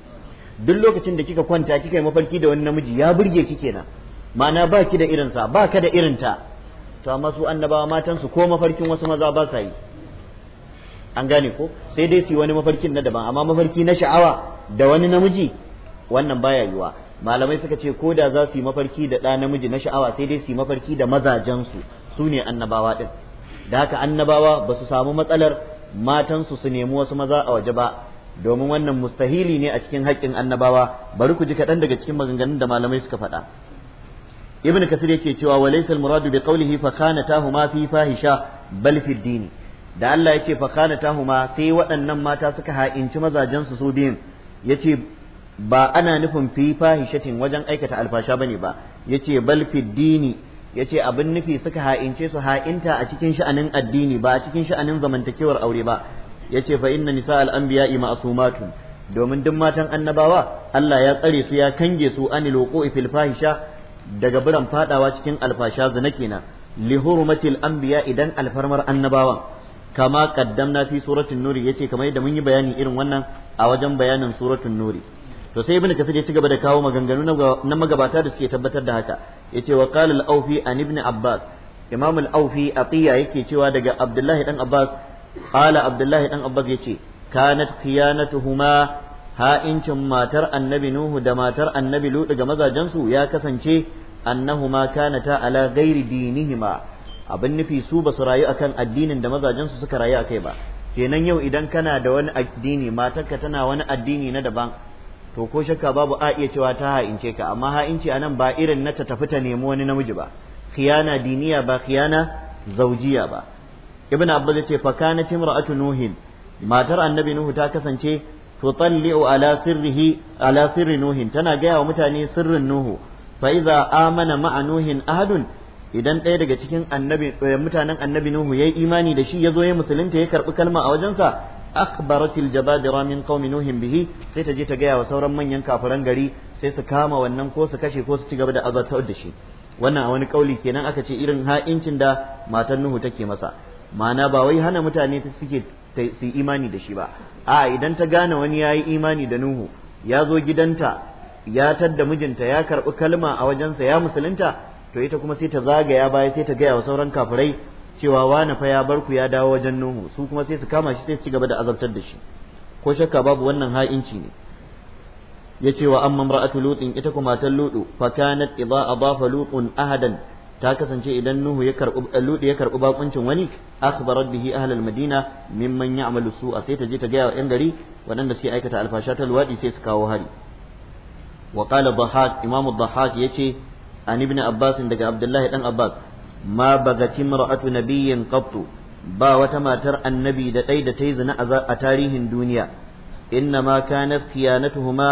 duk lokacin da kika kwanta kika yi mafarki da wani namiji ya burge ki kenan ma'ana ba ki da irinsa ba ka da irinta to amma su annabawa su ko mafarkin wasu maza ba sa yi an gane ko sai dai su wani mafarkin na daban amma mafarki na sha'awa da wani namiji wannan baya yiwa malamai suka ce ko da za su yi mafarki da ɗa namiji na sha'awa sai dai su yi mafarki da mazajensu su ne annabawa ɗin da haka annabawa ba su samu matsalar matansu su nemi wasu maza a waje ba domin wannan mustahili ne a cikin haƙƙin annabawa bari ku ji kaɗan daga cikin maganganun da malamai suka faɗa ibn kasir yake cewa walaysa al-muradu bi qawlihi fa khanatahuma fi fahisha bal fi dini da Allah ya ce fa ma sai waɗannan mata suka ha'inci mazajen su su biyun ce ba ana nufin fi fahishatin wajen aikata alfasha bane ba yace ce balfi dini ce abin nufi suka ha'ince su ha'inta a cikin sha'anin addini ba a cikin sha'anin zamantakewar aure ba yace fa inna nisa al'ambiya anbiya'i domin duk matan annabawa Allah ya tsare su ya kange su anil wuqu'i fil fahisha daga biran fadawa cikin alfasha zina kenan li hurmatil anbiya idan alfarmar annabawan kama qaddamna fi suratul nuri yace kamar yadda mun yi bayani irin wannan a wajen bayanin suratul nuri to sai ibnu kasir ya ci da kawo maganganu na magabata da suke tabbatar da haka yace wa qala al-awfi an ibn abbas imam al-awfi atiya yake cewa daga abdullahi dan abbas qala abdullahi dan abbas yace kanat khiyanatuhuma ha'incin matar annabi nuhu da matar annabi lut ga mazajensu ya kasance annahuma kanata ala ghairi dinihima abin nufi su ba su rayu akan addinin da mazajen su suka rayu a kai ba kenan yau idan kana da wani addini matarka tana wani addini na daban to ko shakka babu a iya cewa ta ha'ince ka amma ha'inci a nan ba irin na ta tafi ta nemi wani namiji ba khiyana diniya ba khiyana zaujiya ba ibn abbas ya ce fa kanat imra'atu nuhin matar annabi nuhu ta kasance tutalli'u ala sirrihi ala sirri nuhin tana gaya wa mutane sirrin nuhu fa iza amana ma'a nuhin ahadun idan ɗaya daga cikin annabi eh, mutanen annabi Nuhu ya yi imani da shi yazo ya musulunta ya karbi kalma a wajensa akhbaratil jabadira min qaumi nuhin bihi sai ta je ta gaya wa sauran manyan kafiran gari sai su kama wannan ko su kashe ko su ci gaba da azabtar da shi wannan a wani kauli kenan aka ce irin ha'incin da matan Nuhu take masa ma'ana ba wai hana mutane ta suke su imani da shi ba a idan ta gane wani yayi imani da Nuhu ya zo gidanta ya tadda mijinta ya karbi kalma a wajensa ya musulunta to ita kuma sai ta zagaya baya sai ta gaya wa sauran kafirai cewa wani fa ya bar ku ya dawo wajen Nuhu su kuma sai su kama shi sai su ci gaba da azabtar da shi ko shakka babu wannan ha'inci ne ce wa amma ra'atu lutin ita kuma matan lutu fa kanat adafa lutun ahadan ta kasance idan Nuhu ya karbu lutu ya karbu bakuncin wani akhbarat bihi ahlal madina mimman ya'malu su'a sai ta je ta gaya wa 'yan gari waɗanda suke aikata alfasha ta luwadi sai su kawo hari wa qala dhahak imam dhahak yace an ibn abbas daga abdullahi dan abbas ma bagati mar'atu nabiyyin kabtu ba wata matar annabi da ɗai da ta yi zina a tarihin duniya inna na kanat khiyanatuhuma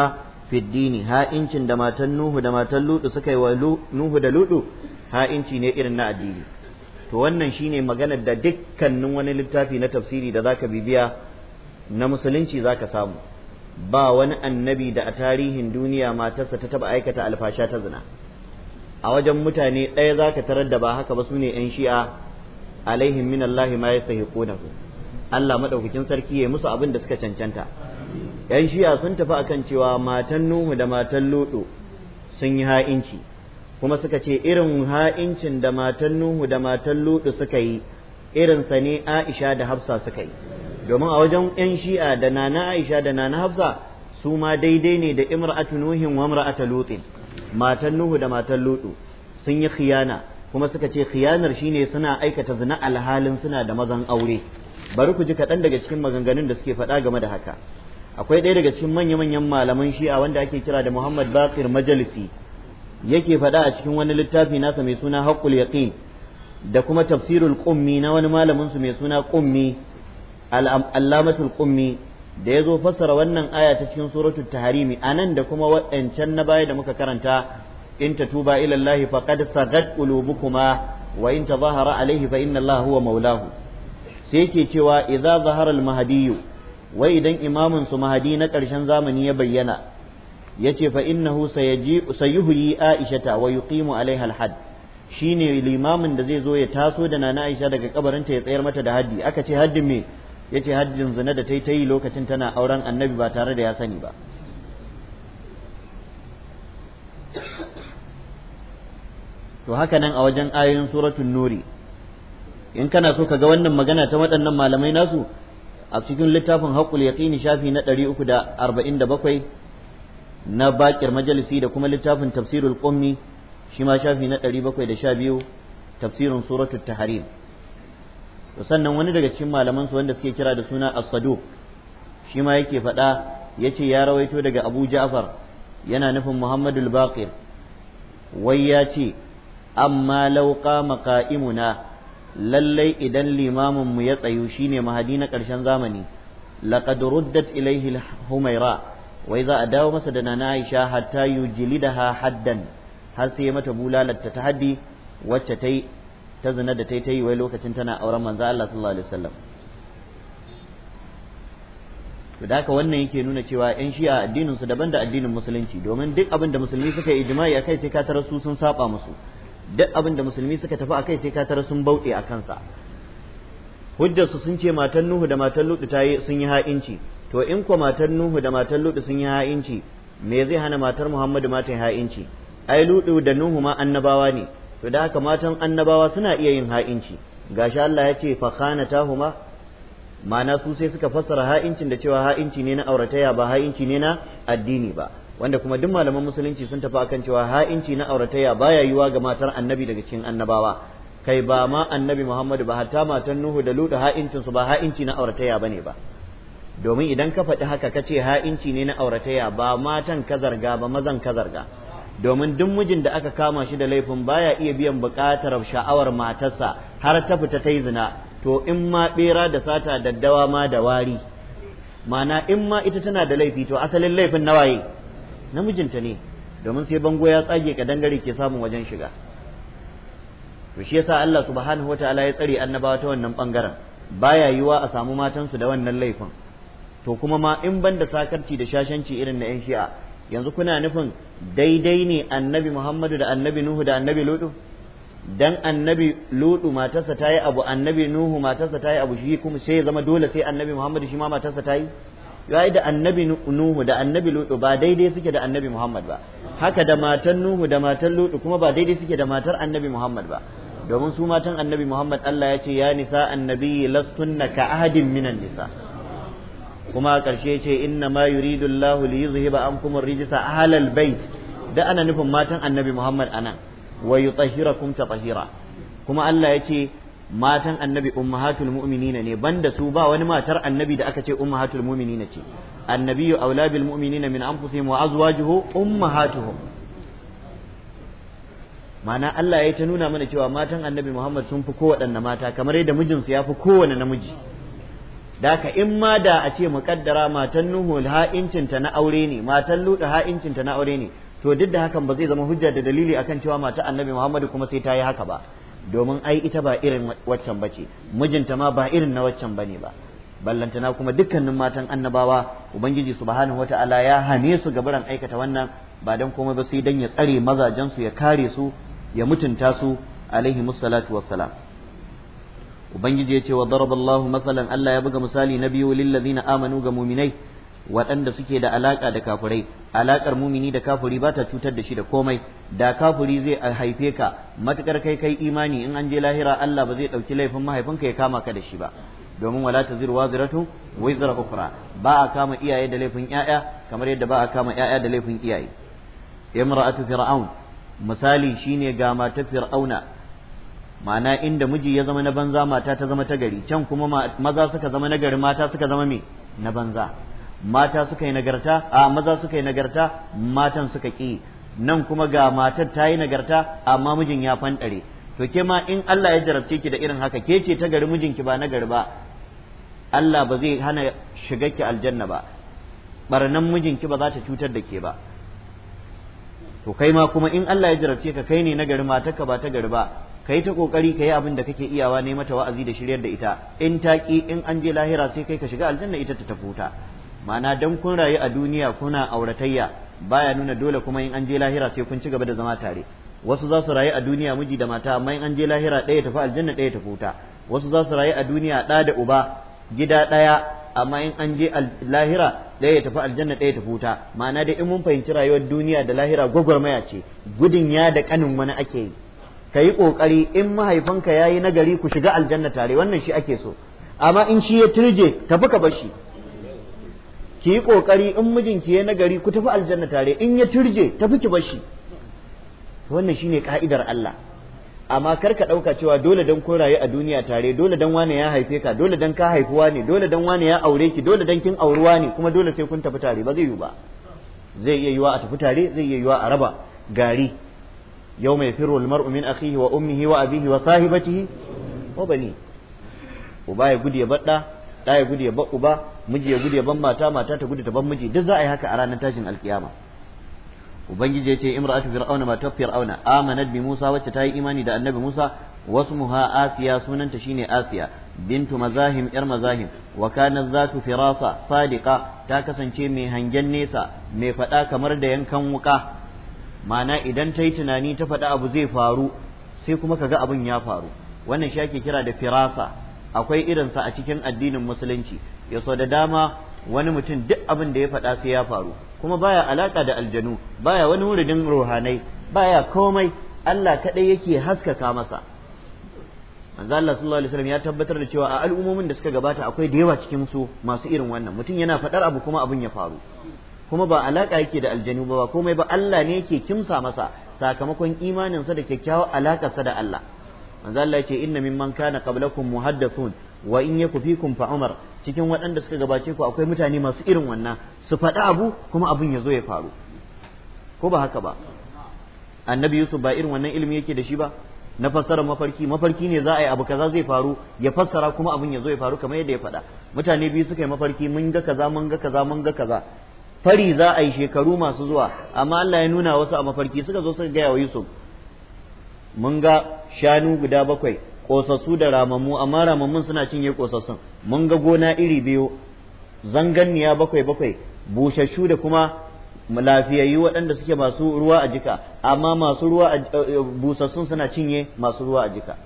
fi dini ha'incin da matan nuhu da matan lutu suka yi wa nuhu da Luɗu ha'inci ne irin na addini to wannan shine maganar da dukkanin wani littafi na tafsiri da zaka bibiya na musulunci zaka samu ba wani annabi da a tarihin duniya matarsa ta taba aikata alfasha ta zina a wajen mutane ɗaya za ka tarar da ba haka ba su ne 'yan shi'a alaihim min Allah ma ya sahi Allah maɗaukakin sarki ya musu abin da suka cancanta 'yan shi'a sun tafi a kan cewa matan Nuhu da matan Lutu sun yi ha'inci kuma suka ce irin ha'incin da matan Nuhu da matan Lutu suka yi irinsa ne Aisha da Hafsa suka yi domin a wajen 'yan shi'a da nana Aisha da nana Hafsa su ma daidai ne da imra'atu Nuhin wa imra'atu Lutin matan Nuhu da matan Lutu sun yi khiyana kuma suka ce khiyanar shine suna aikata zina alhalin suna da mazan aure bari ku ji kaɗan daga cikin maganganun da suke faɗa game da haka akwai ɗaya daga cikin manya-manyan malaman shi'a wanda ake kira da Muhammad Baqir Majalisi yake faɗa a cikin wani littafi nasa mai suna Haqqul Yaqin da kuma tafsirul Qummi na wani malamin su mai suna Qummi al-Allamatul Qummi da ya zo fassara wannan aya ta cikin suratul taharimi anan da kuma waɗancan na baya da muka karanta in tatuba ila Allah faqad sagat qulubukuma wa in tazahara alayhi fa inna Allah huwa maulahu sai yake cewa idza zahara al mahdi wai idan imamin su mahdi na ƙarshen zamani ya bayyana yace fa innahu sayuhyi aishata wa yuqimu alaiha al shi shine limamin da zai zo ya taso da nana Aisha daga kabarinta ya tsayar mata da haddi aka ce haddin me yace hajjin zina da ta tayi lokacin tana auren annabi ba tare da ya sani ba to haka nan a wajen ayoyin suratun nuri in kana so ka ga wannan magana ta waɗannan malamai nasu a cikin littafin haƙul yaqini shafi na 347 na bakir majalisi da kuma littafin tafsirul qummi shi ma shafi na 712 tafsirin suratun tahrim to sannan wani daga cikin malamansu wanda suke kira da suna as-saduq shi ma yake faɗa yace ya rawaito daga Abu Ja'far yana nufin Muhammadul Baqir wai ya ce amma lauƙa makaimuna lallai idan limamin mu ya tsayu shine mahadi na ƙarshen zamani laqad ruddat ilaihi humaira wai za a dawo masa da nana Aisha hatta yujlidaha haddan har sai mata bulalarta ta haddi wacce ta yi ta zina da ta yi wai lokacin tana auren manzo Allah sallallahu alaihi wasallam to da haka wannan yake nuna cewa yan shi'a addinin su daban da addinin musulunci domin duk abin da musulmi suka yi ijma'i akai sai ka tarar su sun saba musu duk abin da musulmi suka tafi akai sai ka tarar sun bauɗe a kansa hujjarsu sun ce matan Nuhu da matan Lutu ta yi sun yi ha'inci to in ko matan Nuhu da matan Lutu sun yi ha'inci me zai hana matar Muhammadu ma ta yi ha'inci ai Lutu da Nuhu ma annabawa ne to da haka matan annabawa suna iya yin ha'inci gashi Allah ya ce fa khanatahuma ma'ana su sai suka fassara ha'incin da cewa ha'inci ne na aurataya ba ha'inci ne na addini ba wanda kuma duk malaman musulunci sun tafi akan cewa ha'inci na aurataya baya yiwa ga matar annabi daga cikin annabawa kai ba ma annabi Muhammadu ba hatta matan Nuhu da Lutu ha'incin su ba ha'inci na aurataya bane ba domin idan ka faɗi haka kace ha'inci ne na aurataya ba matan ka zarga ba mazan ka zarga domin duk mijin da aka kama shi da laifin baya iya biyan buƙatar sha'awar matarsa har ta fita ta yi zina to in ma bera da sata daddawa ma da wari mana in ma ita tana da laifi to asalin laifin na waye mijinta ne domin sai bango ya tsage ka dangare ke samun wajen shiga to shi yasa Allah subhanahu wataala ya tsare annabawa ta wannan bangaren baya yiwa a samu matansu da wannan laifin to kuma ma in ban da sakarci da shashanci irin na 'yan shi'a yanzu kuna nufin daidai ne annabi Muhammadu da annabi Nuhu da annabi Lutu dan annabi Lutu matarsa ta yi abu annabi Nuhu matarsa ta yi abu shi kuma sai ya zama dole sai annabi Muhammadu shi ma matarsa ta yi yayi da annabi Nuhu da annabi Lutu ba daidai suke da annabi Muhammad ba haka da matan Nuhu da matan Lutu kuma ba daidai suke da matar annabi Muhammad ba domin su matan annabi Muhammad Allah ya ce ya nisa annabi lastunna ka ahadin minan nisa kuma a ƙarshe ce inna ma yuridu Allahu li yuzhiba ankum ar-rijsa ahlal bait da ana nufin matan annabi Muhammad anan wa yutahhirakum tatahira kuma Allah yace matan annabi ummahatul mu'minina ne banda su ba wani matar annabi da aka ce ummahatul mu'minina ce annabiyyu aula bil mu'minina min anfusihim wa azwajuhu ummahatuhum ma'ana Allah ya ta nuna mana cewa matan annabi Muhammad sun fi kowaɗanne mata kamar yadda mijinsu ya fi kowane namiji da ka in ma da a ce muƙaddara matan nuhu ha'incinta na aure ne matan luɗa ha'incinta na aure ne to duk da hakan ba zai zama hujja da dalili akan cewa mata annabi muhammadu kuma sai ta yi haka ba domin ai ita ba irin waccan bace mijinta ma ba irin na waccan bane ba ballantana kuma dukkanin matan annabawa ubangiji subhanahu wataala ya hane su gabaran aikata wannan ba dan komai ba sai dan ya tsare mazajen su ya kare su ya mutunta su alaihi musallatu wassalam ubangiji ya ce wa daraballahu masalan Allah ya buga misali na biyu lillazina amanu ga muminai waɗanda suke da alaƙa da kafirai alaƙar mumini da kafiri ba ta cutar da shi da komai da kafiri zai haife ka matukar kai kai imani in an je lahira Allah ba zai ɗauki laifin mahaifinka ya kama ka da shi ba domin wala taziru waziratu wizra ukhra ba a kama iyaye da laifin yaya kamar yadda ba a kama yaya da laifin iyaye imra'atu fir'aun misali shine ga matar fir'auna ma'ana inda miji ya zama na banza mata ta zama ta gari can kuma maza suka zama nagari mata suka zama me na banza mata suka yi nagarta a maza suka yi nagarta matan suka ƙi nan kuma ga matar ta yi nagarta amma mijin ya fanɗare to ke ma in Allah ya jarabce ki da irin haka ke ce ta gari mijinki ba nagari ba Allah ba zai hana shiga ki aljanna ba barnan mijinki ba za ta cutar da ke ba to kai ma kuma in Allah ya jarabce ka kai ne nagari matarka ba ta gari ba ka yi ta kokari yi abin da kake iyawa ne mata wa'azi da shiryar da ita in ta ki in an je lahira sai kai ka shiga aljanna ita ta tafi mana ma'ana dan kun rayu a duniya kuna auratayya baya nuna dole kuma in an je lahira sai kun ci gaba da zama tare wasu za su rayu a duniya miji da mata amma in an je lahira ɗaya tafi aljanna ɗaya tafi wuta wasu za su rayu a duniya ɗa da uba gida ɗaya amma in an je lahira ɗaya tafi aljanna ɗaya tafi wuta ma'ana dai in mun fahimci rayuwar duniya da lahira gwagwarmaya ce gudun ya da ƙanin wani ake yi ka yi ƙoƙari in mahaifinka ya yi nagari ku shiga aljanna tare wannan shi ake so amma in shi ya turje tafi ka bashi ki yi ƙoƙari in mijinki ya nagari ku tafi aljanna tare in ya turje tafi ki bashi wannan shi ne ka'idar Allah amma kar ka ɗauka cewa dole dan kun rayu a duniya tare dole dan wane ya haife ka dole dan ka haifuwa ne dole dan wane ya aure ki dole dan kin auruwa ne kuma dole sai kun tafi tare ba zai yiwu ba zai iya yiwa a tafi tare zai iya yiwa a raba gari يوم يفر المرء من أخيه وأمه وأبيه وصاحبته وبنيه وبا يقول يبدا لا يقول يبا أبا مجي يقول يبا ما تاما تاتا قد تبا مجي دزا أي هكا أرانا تاجن القيامة وبنجي يتي امرأة فرعون ما تب فرعون آمنت بموسى وتتاي إيماني دا النبي موسى واسمها آسيا سنن تشيني آسيا بنت مزاهم إر مزاهم وكانت ذات فراسة صادقة تاكسن شيمي هنجن نيسا مي فتا كمر دا ينكم وكاه ma'ana idan ta yi tunani ta faɗi abu zai faru sai kuma ka ga abin ya faru wannan shi ake kira da firasa akwai irinsa a cikin addinin musulunci ya so da dama wani mutum duk abin da ya faɗa sai ya faru kuma baya alaka da aljanu baya wani wuridin ruhanai baya komai Allah kaɗai yake haskaka masa manzo Allah sallallahu alaihi wasallam ya tabbatar da cewa a al'ummomin da suka gabata akwai da yawa cikin su masu irin wannan mutum yana faɗar abu kuma abin ya faru kuma ba alaka yake da aljanu ba komai ba Allah ne yake kimsa masa sakamakon imaninsa da kyakkyawar sa da Allah manzo Allah yake inna mimman kana qablakum muhaddathun wa in yaku fikum fa umar cikin waɗanda suka gabace ku akwai mutane masu irin wannan su faɗi abu kuma abin ya zo ya faru ko ba haka ba annabi yusuf ba irin wannan ilimi yake da shi ba na fassara mafarki mafarki ne za a yi abu kaza zai faru ya fassara kuma abin ya zo ya faru kamar yadda ya faɗa mutane biyu suka yi mafarki mun ga kaza mun ga kaza mun ga kaza fari za a yi shekaru masu zuwa amma Allah ya nuna wasu a mafarki suka zo suka gaya wa Yusuf mun ga shanu guda bakwai kosassu da ramammu amma ramammun suna cinye kosassun mun ga gona iri biyu zanganniya bakwai bakwai bushashu da kuma lafiyayyu waɗanda suke masu ruwa a jika amma masu ruwa eh, busassun suna cinye masu ruwa a jika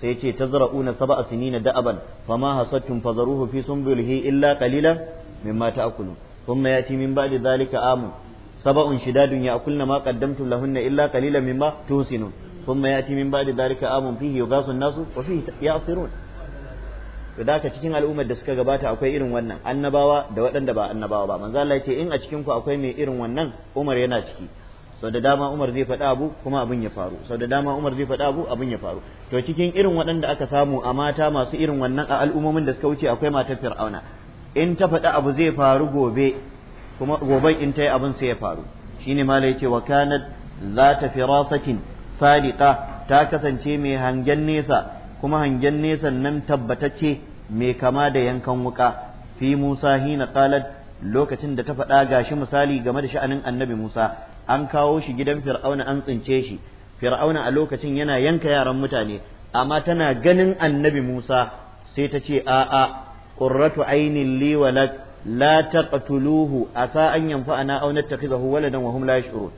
sai ce tazra'una sab'a sinina da'aban fama hasattum fazaruhu fi sunbulihi illa kalilan. mimma ta'kulun thumma yati min ba'di dhalika amun sab'un shidadun ya'kulna ma qaddamtum lahunna illa qalilan mimma tuhsinun thumma yati min ba'di dhalika amun fihi yughasu an-nasu wa fihi ya'sirun to da cikin al'ummar da suka gabata akwai irin wannan annabawa da waɗanda ba annabawa ba manzo Allah yace in a cikin ku akwai mai irin wannan Umar yana ciki sau da dama Umar zai faɗa abu kuma abin ya faru sau da dama Umar zai faɗa abu abin ya faru to cikin irin waɗanda aka samu a mata masu irin wannan a al'ummomin da suka wuce akwai matar Fir'auna in ta faɗi abu zai faru gobe kuma goben in ta yi abin sai ya faru shine malai yace wa kanat ta Firasakin sadiqa ta kasance mai hangen nesa kuma hangen nesan nan ce mai kama da yankan wuka fi Musa hina qalat lokacin da ta faɗa gashi misali game da sha'anin annabi Musa an kawo shi gidan Fir'auna an tsince shi Fir'auna a lokacin yana yanka yaran mutane amma tana ganin annabi Musa sai ta ce a'a qurratu ainin li walad la taqtuluhu asa an yanfa'ana aw nattakhidahu waladan wa hum la yash'urun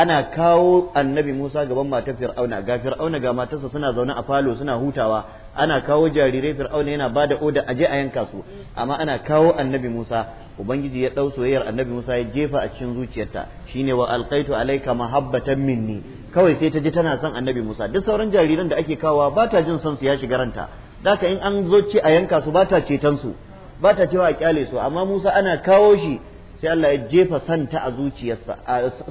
ana kawo annabi Musa gaban matar Fir'auna ga Fir'auna ga matarsa suna zaune a falo suna hutawa ana kawo jarirai Fir'auna yana bada oda aje a yanka su amma ana kawo annabi Musa ubangiji ya ɗau soyayyar annabi Musa ya jefa a cikin zuciyarta shine wa alqaitu alayka mahabbatan minni kawai sai ta ji tana son annabi Musa duk sauran jariran da ake kawowa ba ta jin son su ya shiga ranta daka in an zo ce a yanka su ba ta ceton su ba ta cewa a kyale su amma Musa ana kawo shi sai Allah ya jefa santa a zuciyarsa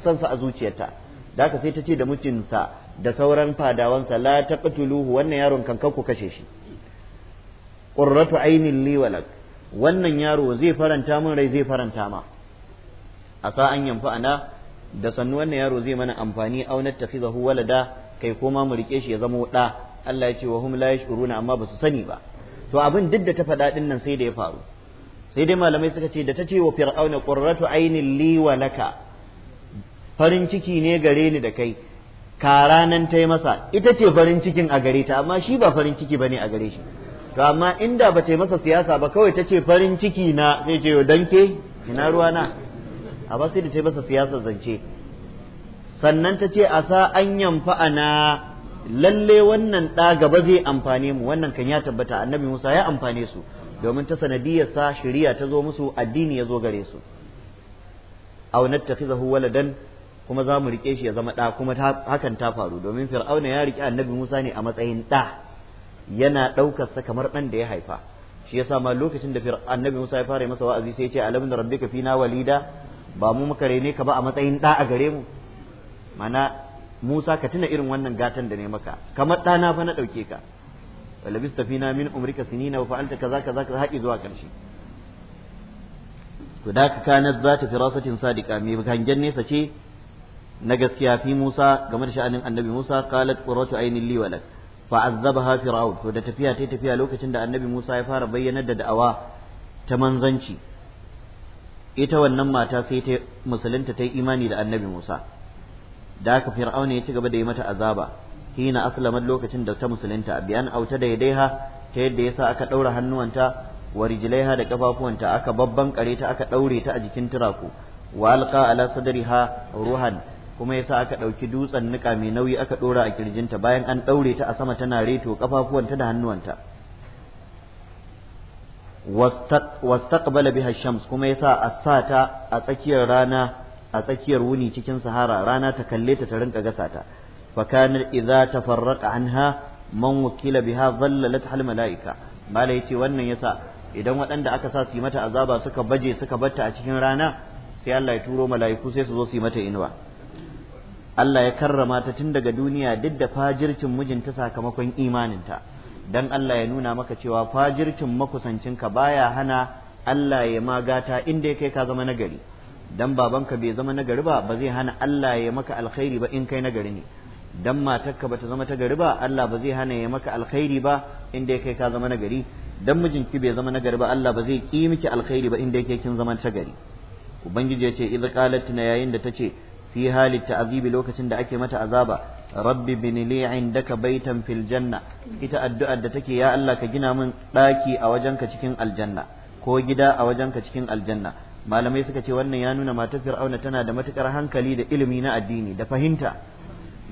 sansa a zuciyarta daka sai ta ce da mutunta da sauran fadawansa la taqtuluhu wannan yaron kan ku kashe shi qurratu ainin li walak wannan yaro zai faranta min rai zai faranta ma sa an yanfa ana da sannu wannan yaro zai mana amfani aunar tafizahu walada kai koma mu rike shi ya zama da Allah ya ce wa hum la yashuruna amma ba su sani ba to abin duk da ta faɗa din nan sai da ya faru sai dai malamai suka ce da ta ce wa fir'auna qurratu ainin li wa laka farin ciki ne gare ni da kai kara nan ta yi masa ita ce farin cikin a gare ta amma shi ba farin ciki bane a gare shi to amma inda ba ta masa siyasa ba kawai ta ce farin ciki na sai ce yo danke ina ruwa na amma sai da ta yi masa siyasa zance sannan ta ce a sa an yamfa ana lalle wannan ɗa gaba zai amfane mu wannan kan ya tabbata annabi Musa ya amfane su domin ta sa shari'a ta zo musu addini ya zo gare su aw nattakhizahu waladan kuma za mu rike shi ya zama ɗa kuma hakan ta faru domin fir'auna ya rike annabi Musa ne a matsayin ɗa yana ɗaukar sa kamar ɗan da ya haifa shi yasa ma lokacin da annabi Musa ya fara masa wa'azi sai ya ce alamin rabbika fina walida ba mu muka rene ka ba a matsayin ɗa a gare mu mana Musa ka tuna irin wannan gatan da ne maka kamar ɗana fa na ɗauke ka walabis tafina min umrika sinina wa fa'alta kaza kaza kaza haƙi zuwa ƙarshe to da ka kana za ta firasatin sadiqa mai hangen nesa ce na gaskiya fi Musa game da sha'anin annabi Musa qalat qurratu aynin li walak fa fir'aun to da tafiya ta tafiya lokacin da annabi Musa ya fara bayyana da da'awa ta manzanci ita wannan mata sai ta musulunta ta yi imani da annabi Musa da haka fir'auna ya ci gaba da yi mata azaba hina aslamat lokacin da ta musulunta bi an auta da yadaiha ta yadda yasa aka ɗaura hannuwanta wa rijlaiha da kafafuwanta aka babban kare ta aka ɗaure ta a jikin turaku wa alqa ala sadriha ruhan kuma yasa aka ɗauki dutsen nika mai nauyi aka dora a kirjinta bayan an ɗaure ta a sama tana reto kafafuwanta da hannuwanta wastaqbala biha shams kuma yasa asata a tsakiyar rana a tsakiyar wuni cikin sahara rana ta kalle ta ta rinka gasa ta fa kana idza tafarraqa anha man wukila biha dhallalat hal malaika mala yace wannan yasa idan waɗanda aka sa su yi mata azaba suka baje suka batta a cikin rana sai Allah ya turo mala'iku sai su zo su yi mata inuwa Allah ya karrama ta tun daga duniya duk da fajircin mijinta sakamakon imaninta dan Allah ya nuna maka cewa fajircin makusancinka baya hana Allah ya magata inda ya kai ka zama nagari dan babanka bai zama nagari ba ba zai hana Allah ya maka alkhairi ba in kai nagari ne dan matarka ba ta zama ta gari ba Allah ba zai hana ya maka alkhairi ba inda kai ka zama nagari dan mijinki bai zama nagari ba Allah ba zai ki miki alkhairi ba inda yake kin zama ta gari ubangiji ya ce idh qalat na yayin da tace fi halit ta'azibi lokacin da ake mata azaba rabbi bin li indaka baitan fil janna ita addu'ar da take ya Allah ka gina min daki a wajenka cikin aljanna ko gida a wajenka cikin aljanna malamai suka ce wannan ya nuna matar fir'auna tana da matukar hankali da ilimi na addini da fahimta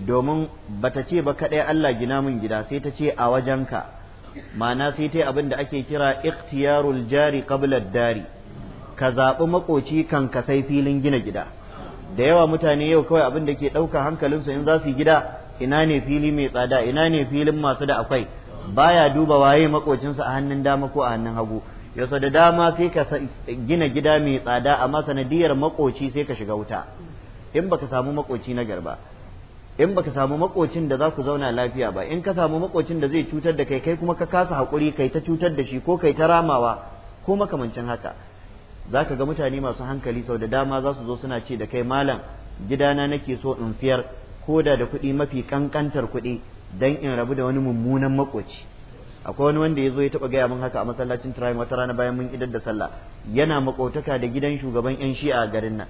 domin bata ce ba kaɗai Allah gina min gida sai ta ce a wajenka ma'ana sai ta yi abin da ake kira ikhtiyarul jari qabla dari ka zaɓi makoci kan ka sai filin gina gida da yawa mutane yau kawai abin da ke ɗauka hankalinsu in za su gida ina ne fili mai tsada ina ne filin masu da akwai baya duba waye makocinsa a hannun dama ko a hannun hagu yausa da dama sai ka gina gida mai tsada amma sanadiyar makoci sai ka shiga wuta in baka samu makoci na garba in baka samu makocin da za ku zauna lafiya ba in ka samu makocin da zai cutar da kai kai kuma ka kasa haƙuri kai ta cutar da shi ko kai ta ramawa ko makamancin haka za ka ga mutane masu hankali sau da dama za su zo suna ce da kai malam gidana nake so in siyar ko da da kuɗi mafi ƙanƙantar kuɗi don in rabu da wani mummunan makoci akwai wani wanda ya zo ya taɓa gaya min haka a masallacin turayin wata rana bayan mun idar da sallah yana makotaka da gidan shugaban yan shi'a a garin nan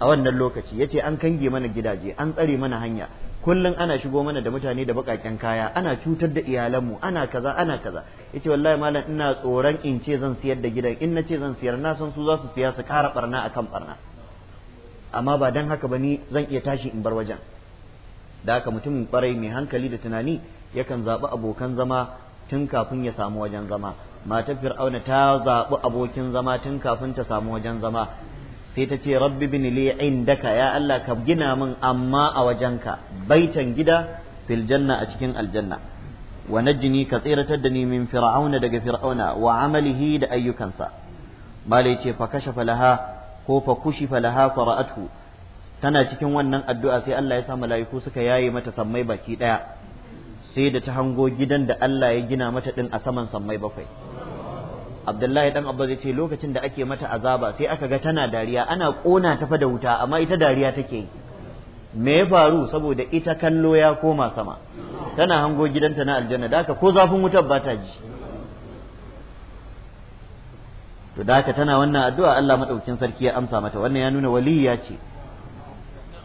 a wannan lokaci yace an kange mana gidaje an tsare mana hanya kullum ana shigo mana da mutane da bakaken kaya ana cutar da iyalanmu ana kaza ana kaza yace wallahi malam ina tsoron in ce zan siyar da gidan in na ce zan siyar na san su za su siya su kara barna akan barna amma ba dan haka ba ni zan iya tashi in bar wajen da haka mutumin kwarai mai hankali da tunani yakan zaɓi abokan zama tun kafin ya samu wajen zama matar fir'auna ta zaɓi abokin zama tun kafin ta samu wajen zama sai ta ce rabbi bin li indaka ya Allah ka gina min amma a wajen ka. baitan gida fil janna a cikin aljanna wa najini ka tsiratar da ni min fir'auna daga fir'auna wa amalihi da ayyukansa malai ce fa kashafa laha ko fa kushifa laha fara'athu tana cikin wannan addu'a sai Allah ya sa mala'iku suka yaye mata sammai baki daya sai da ta hango gidan da Allah ya gina mata din a saman sammai bakwai Abdullahi dan Abba zai ce lokacin da ake mata azaba sai aka ga tana dariya ana kona ta fa wuta amma ita dariya take yi me ya faru saboda ita kallo ya koma sama tana hango gidanta na aljanna da ko zafin wutar ba ta ji to da haka tana wannan addu'a Allah madaukin sarki ya amsa mata wannan ya nuna waliya ce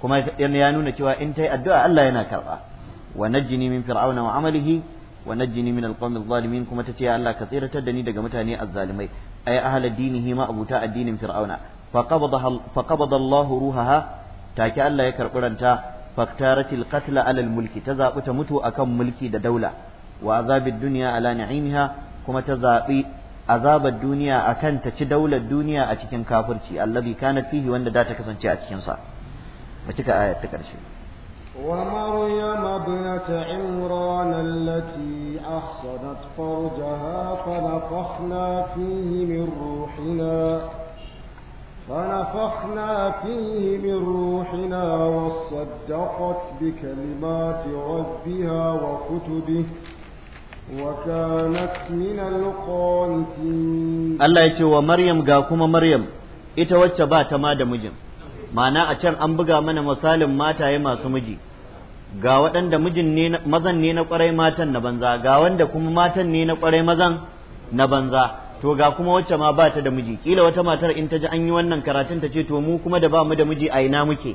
kuma ya nuna cewa in ta yi addu'a Allah yana karba wa najjini min fir'auna wa amalihi wa najjini min alqawmi adh kuma tace ya Allah ka tsiratar da ni daga mutane azzalimai ay ahla dini ma abuta addinin fir'auna faqabadaha faqabada Allahu ruhaha take Allah ya karɓi ranta faktaratil katla alal mulki ta zabi ta mutu akan mulki da daula wa azabid dunya ala ni'imiha kuma ta zabi azabar duniya akan ta ci daular duniya a cikin kafirci allah kanat fihi wanda da ta kasance a cikin sa mu cika ayat ta karshe ومريم ابنة عمران التي أحصنت فرجها فنفخنا فيه من روحنا فنفخنا فيه من روحنا وصدقت بكلمات ربها وكتبه وكانت من القانتين الله يتي ومريم غاكم مريم ita wacce ba ta ma da mijin ma'ana a can an buga mana misalin mataye masu miji ga waɗanda mijin ne mazan ne na ƙwarai matan na banza ga wanda kuma matan ne na ƙwarai mazan na banza to ga kuma wacce ma ba ta da miji kila wata matar in ta ji an yi wannan karatun ta ce to mu kuma da ba mu da miji a ina muke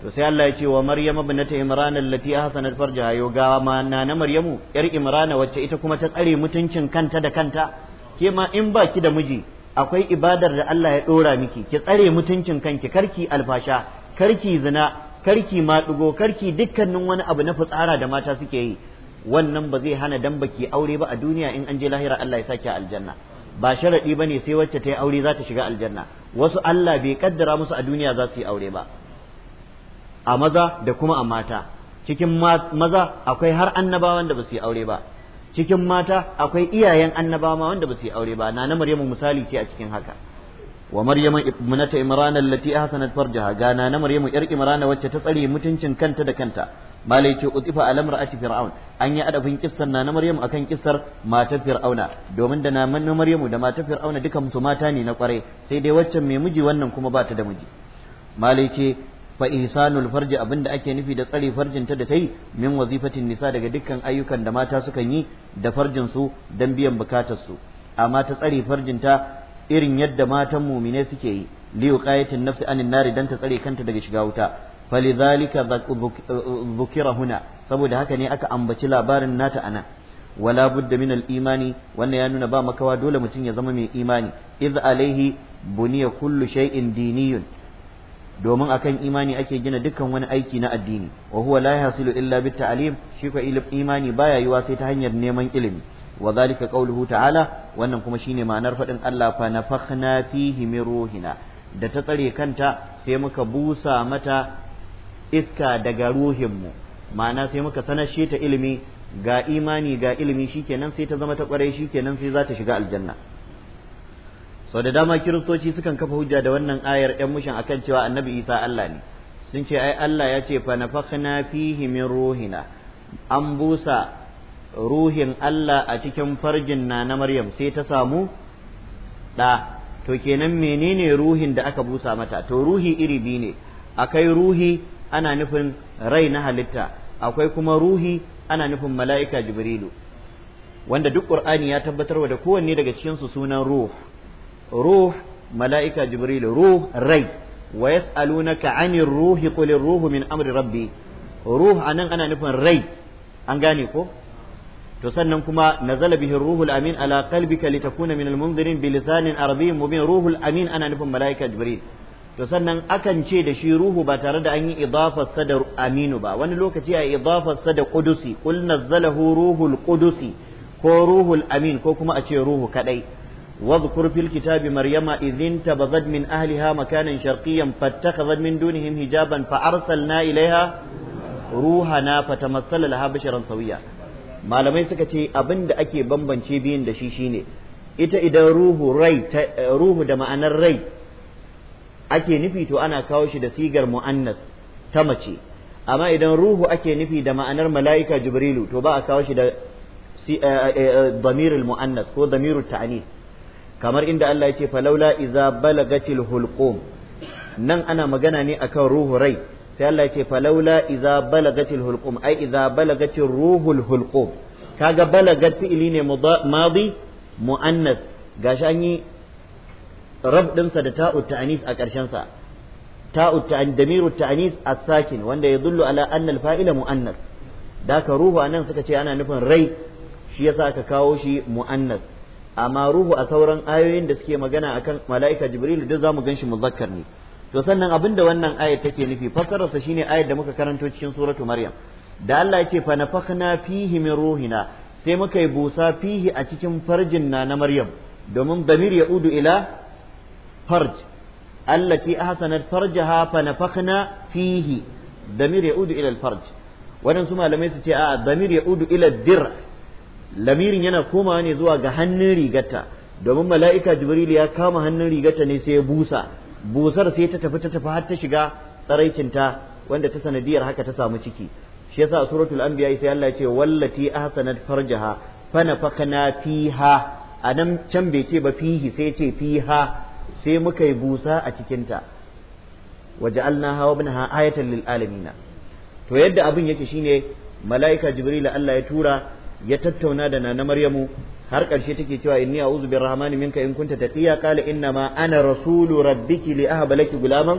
to sai Allah ya ce wa Maryam ibnata Imran allati ahsanat farjaha yo ga ma na na Maryamu yar Imrana wacce ita kuma ta tsare mutuncin kanta da kanta ke ma in ba ki da miji akwai ibadar da Allah ya dora miki ki tsare mutuncin kanki karki alfasha karki zina karki maɗigo karki dukkanin wani abu na fitsara da mata suke yi wannan ba zai hana dan baki aure ba a duniya in an je lahira Allah ya saki aljanna ba sharadi bane sai wacce ta yi aure za ta shiga aljanna wasu Allah bai kaddara musu a duniya za su yi aure ba a maza da kuma a mata cikin maza akwai har annabawan da ba su yi aure ba cikin mata akwai iyayen annabawa wanda ba su yi aure ba na na Maryamu misali ce a cikin haka wa maryama ibnata imran allati ahsanat farjaha gana na maryamu yar imrana wacce ta tsare mutuncin kanta da kanta malai ce utifa ala mar'ati fir'aun an yi adabin kissar na maryamu akan kissar matar fir'auna domin da na maryamu da matar fir'auna dukan su mata ne na kwarai sai dai waccan mai miji wannan kuma ba ta da miji malai ce fa ihsanul abinda ake nufi da tsare farjinta da tai min wazifatin nisa daga dukkan ayyukan da mata sukan yi da farjin su dan biyan bukatar su amma ta tsare farjinta irin yadda matan mumine suke yi li yuqayatin nafsi anin nari dan ta tsare kanta daga shiga wuta falidhalika dhukira huna saboda haka ne aka ambaci labarin nata anan wala budda min al imani wannan ya nuna ba makawa dole mutum ya zama mai imani iz alaihi buniya kullu shay'in diniyun domin akan imani ake gina dukkan wani aiki na addini wa huwa la yahsilu illa bit ta'lim shi ko imani baya yiwa sai ta hanyar neman ilimi wa zalika qawluhu ta'ala wannan kuma shine ma'anar faɗin Allah fa nafakhna fihi min ruhina da ta tsare kanta sai muka busa mata iska daga ruhinmu ma'ana sai muka sanashe ta ilimi ga imani ga ilimi shikenan sai ta zama ta kwarai shikenan sai za ta shiga aljanna sau da dama kiristoci sukan kafa hujja da wannan ayar yan mushin akan cewa annabi isa Allah ne sun ce ai Allah ya ce fa nafakhna fihi min ruhina an busa ruhin Allah a cikin farjin na na Maryam sai ta samu ɗa to kenan menene ruhin da aka busa mata to ruhi iri biyu ne akai ruhi ana nufin rai na halitta akwai kuma ruhi ana nufin mala'ika jibrilu wanda duk ƙur'ani ya tabbatar da kowanne daga cikinsu sunan ruh ruh mala'ika jibrilu ruh rai wa yas'alunaka 'anir ruhi qulir ruhu min amri rabbi ruh anan ana nufin rai an gane ko to sannan kuma nazala bihin ruhul amin ala qalbika litakuna minal munzirin bi lisanin arabiyyin mubin ruhul amin ana nufin malaika jibril to sannan akan ce da shi ruhu ba tare da an yi idafar sa da aminu ba wani lokaci a idafar sa da qudusi qul nazzalahu ruhul qudusi ko ruhul amin ko kuma a ce ruhu kadai واذكر في الكتاب مريم إذ انتبذت من أهلها مكانا شرقيا فاتخذت من دونهم حجابا فأرسلنا إليها روحنا فتمثل لها بشرا سويا malamai suka ce abin da ake bambance biyun da shi shine ita idan ruhu rai ruhu da ma'anar rai ake nufi to ana kawo shi da sigar mu'annas ta mace amma idan ruhu ake nufi da ma'anar mala'ika jibrilu to ba a kawo shi da eh, eh, eh, damirul mu'annas ko damirul ta'anis kamar inda Allah ya ce falaula iza balagatil hulqum nan ana magana ne akan ruhu rai sai Allah ya ce falaula idza balagatil hulqum ai ruhul hulqum kaga balagat fi'ili ne madi muannas gashi an yi rab dinsa da ta'u ta'anis a ƙarshen sa ta'u ta'an damiru ta'anis as-sakin wanda yadullu ala anna al-fa'ila muannas da ka ruhu anan suka ce ana nufin rai shi yasa aka kawo shi muannas amma ruhu a sauran ayoyin da suke magana akan mala'ika jibril duk zamu shi muzakkar ne to sannan abinda wannan ayar take nufi fassararsa shine ayar da muka karanto cikin suratu maryam da Allah yake fa nafakhna fihi min ruhina sai muka yi busa fihi a cikin farjin na na maryam domin damir ya udu ila farj allati ahsanat farjaha fa nafakhna fihi damir ya udu ila farj waɗansu malamai su ce a damir ya udu ila dir lamirin yana komawa ne zuwa ga hannun rigata. domin mala'ika jibril ya kama hannun rigata ne sai ya busa busar sai ta tafi ta tafi har ta shiga tsaraicinta wanda ta sanadiyar haka ta samu ciki shi yasa suratul anbiya sai Allah ya ce wallati ahsanat farjaha fa nafakana fiha anan can bai ce ba fihi sai ce fiha sai muka yi busa a cikin cikinta waja'alnaha wa ibnaha ayatan lil alamina to yadda abin yake shine mala'ika jibril Allah ya tura ya tattauna da nana maryamu har ƙarshe take cewa inni a'udhu birrahmani minka in kunta taqiya qala inna ma ana rasulu rabbiki li ahab laki gulaman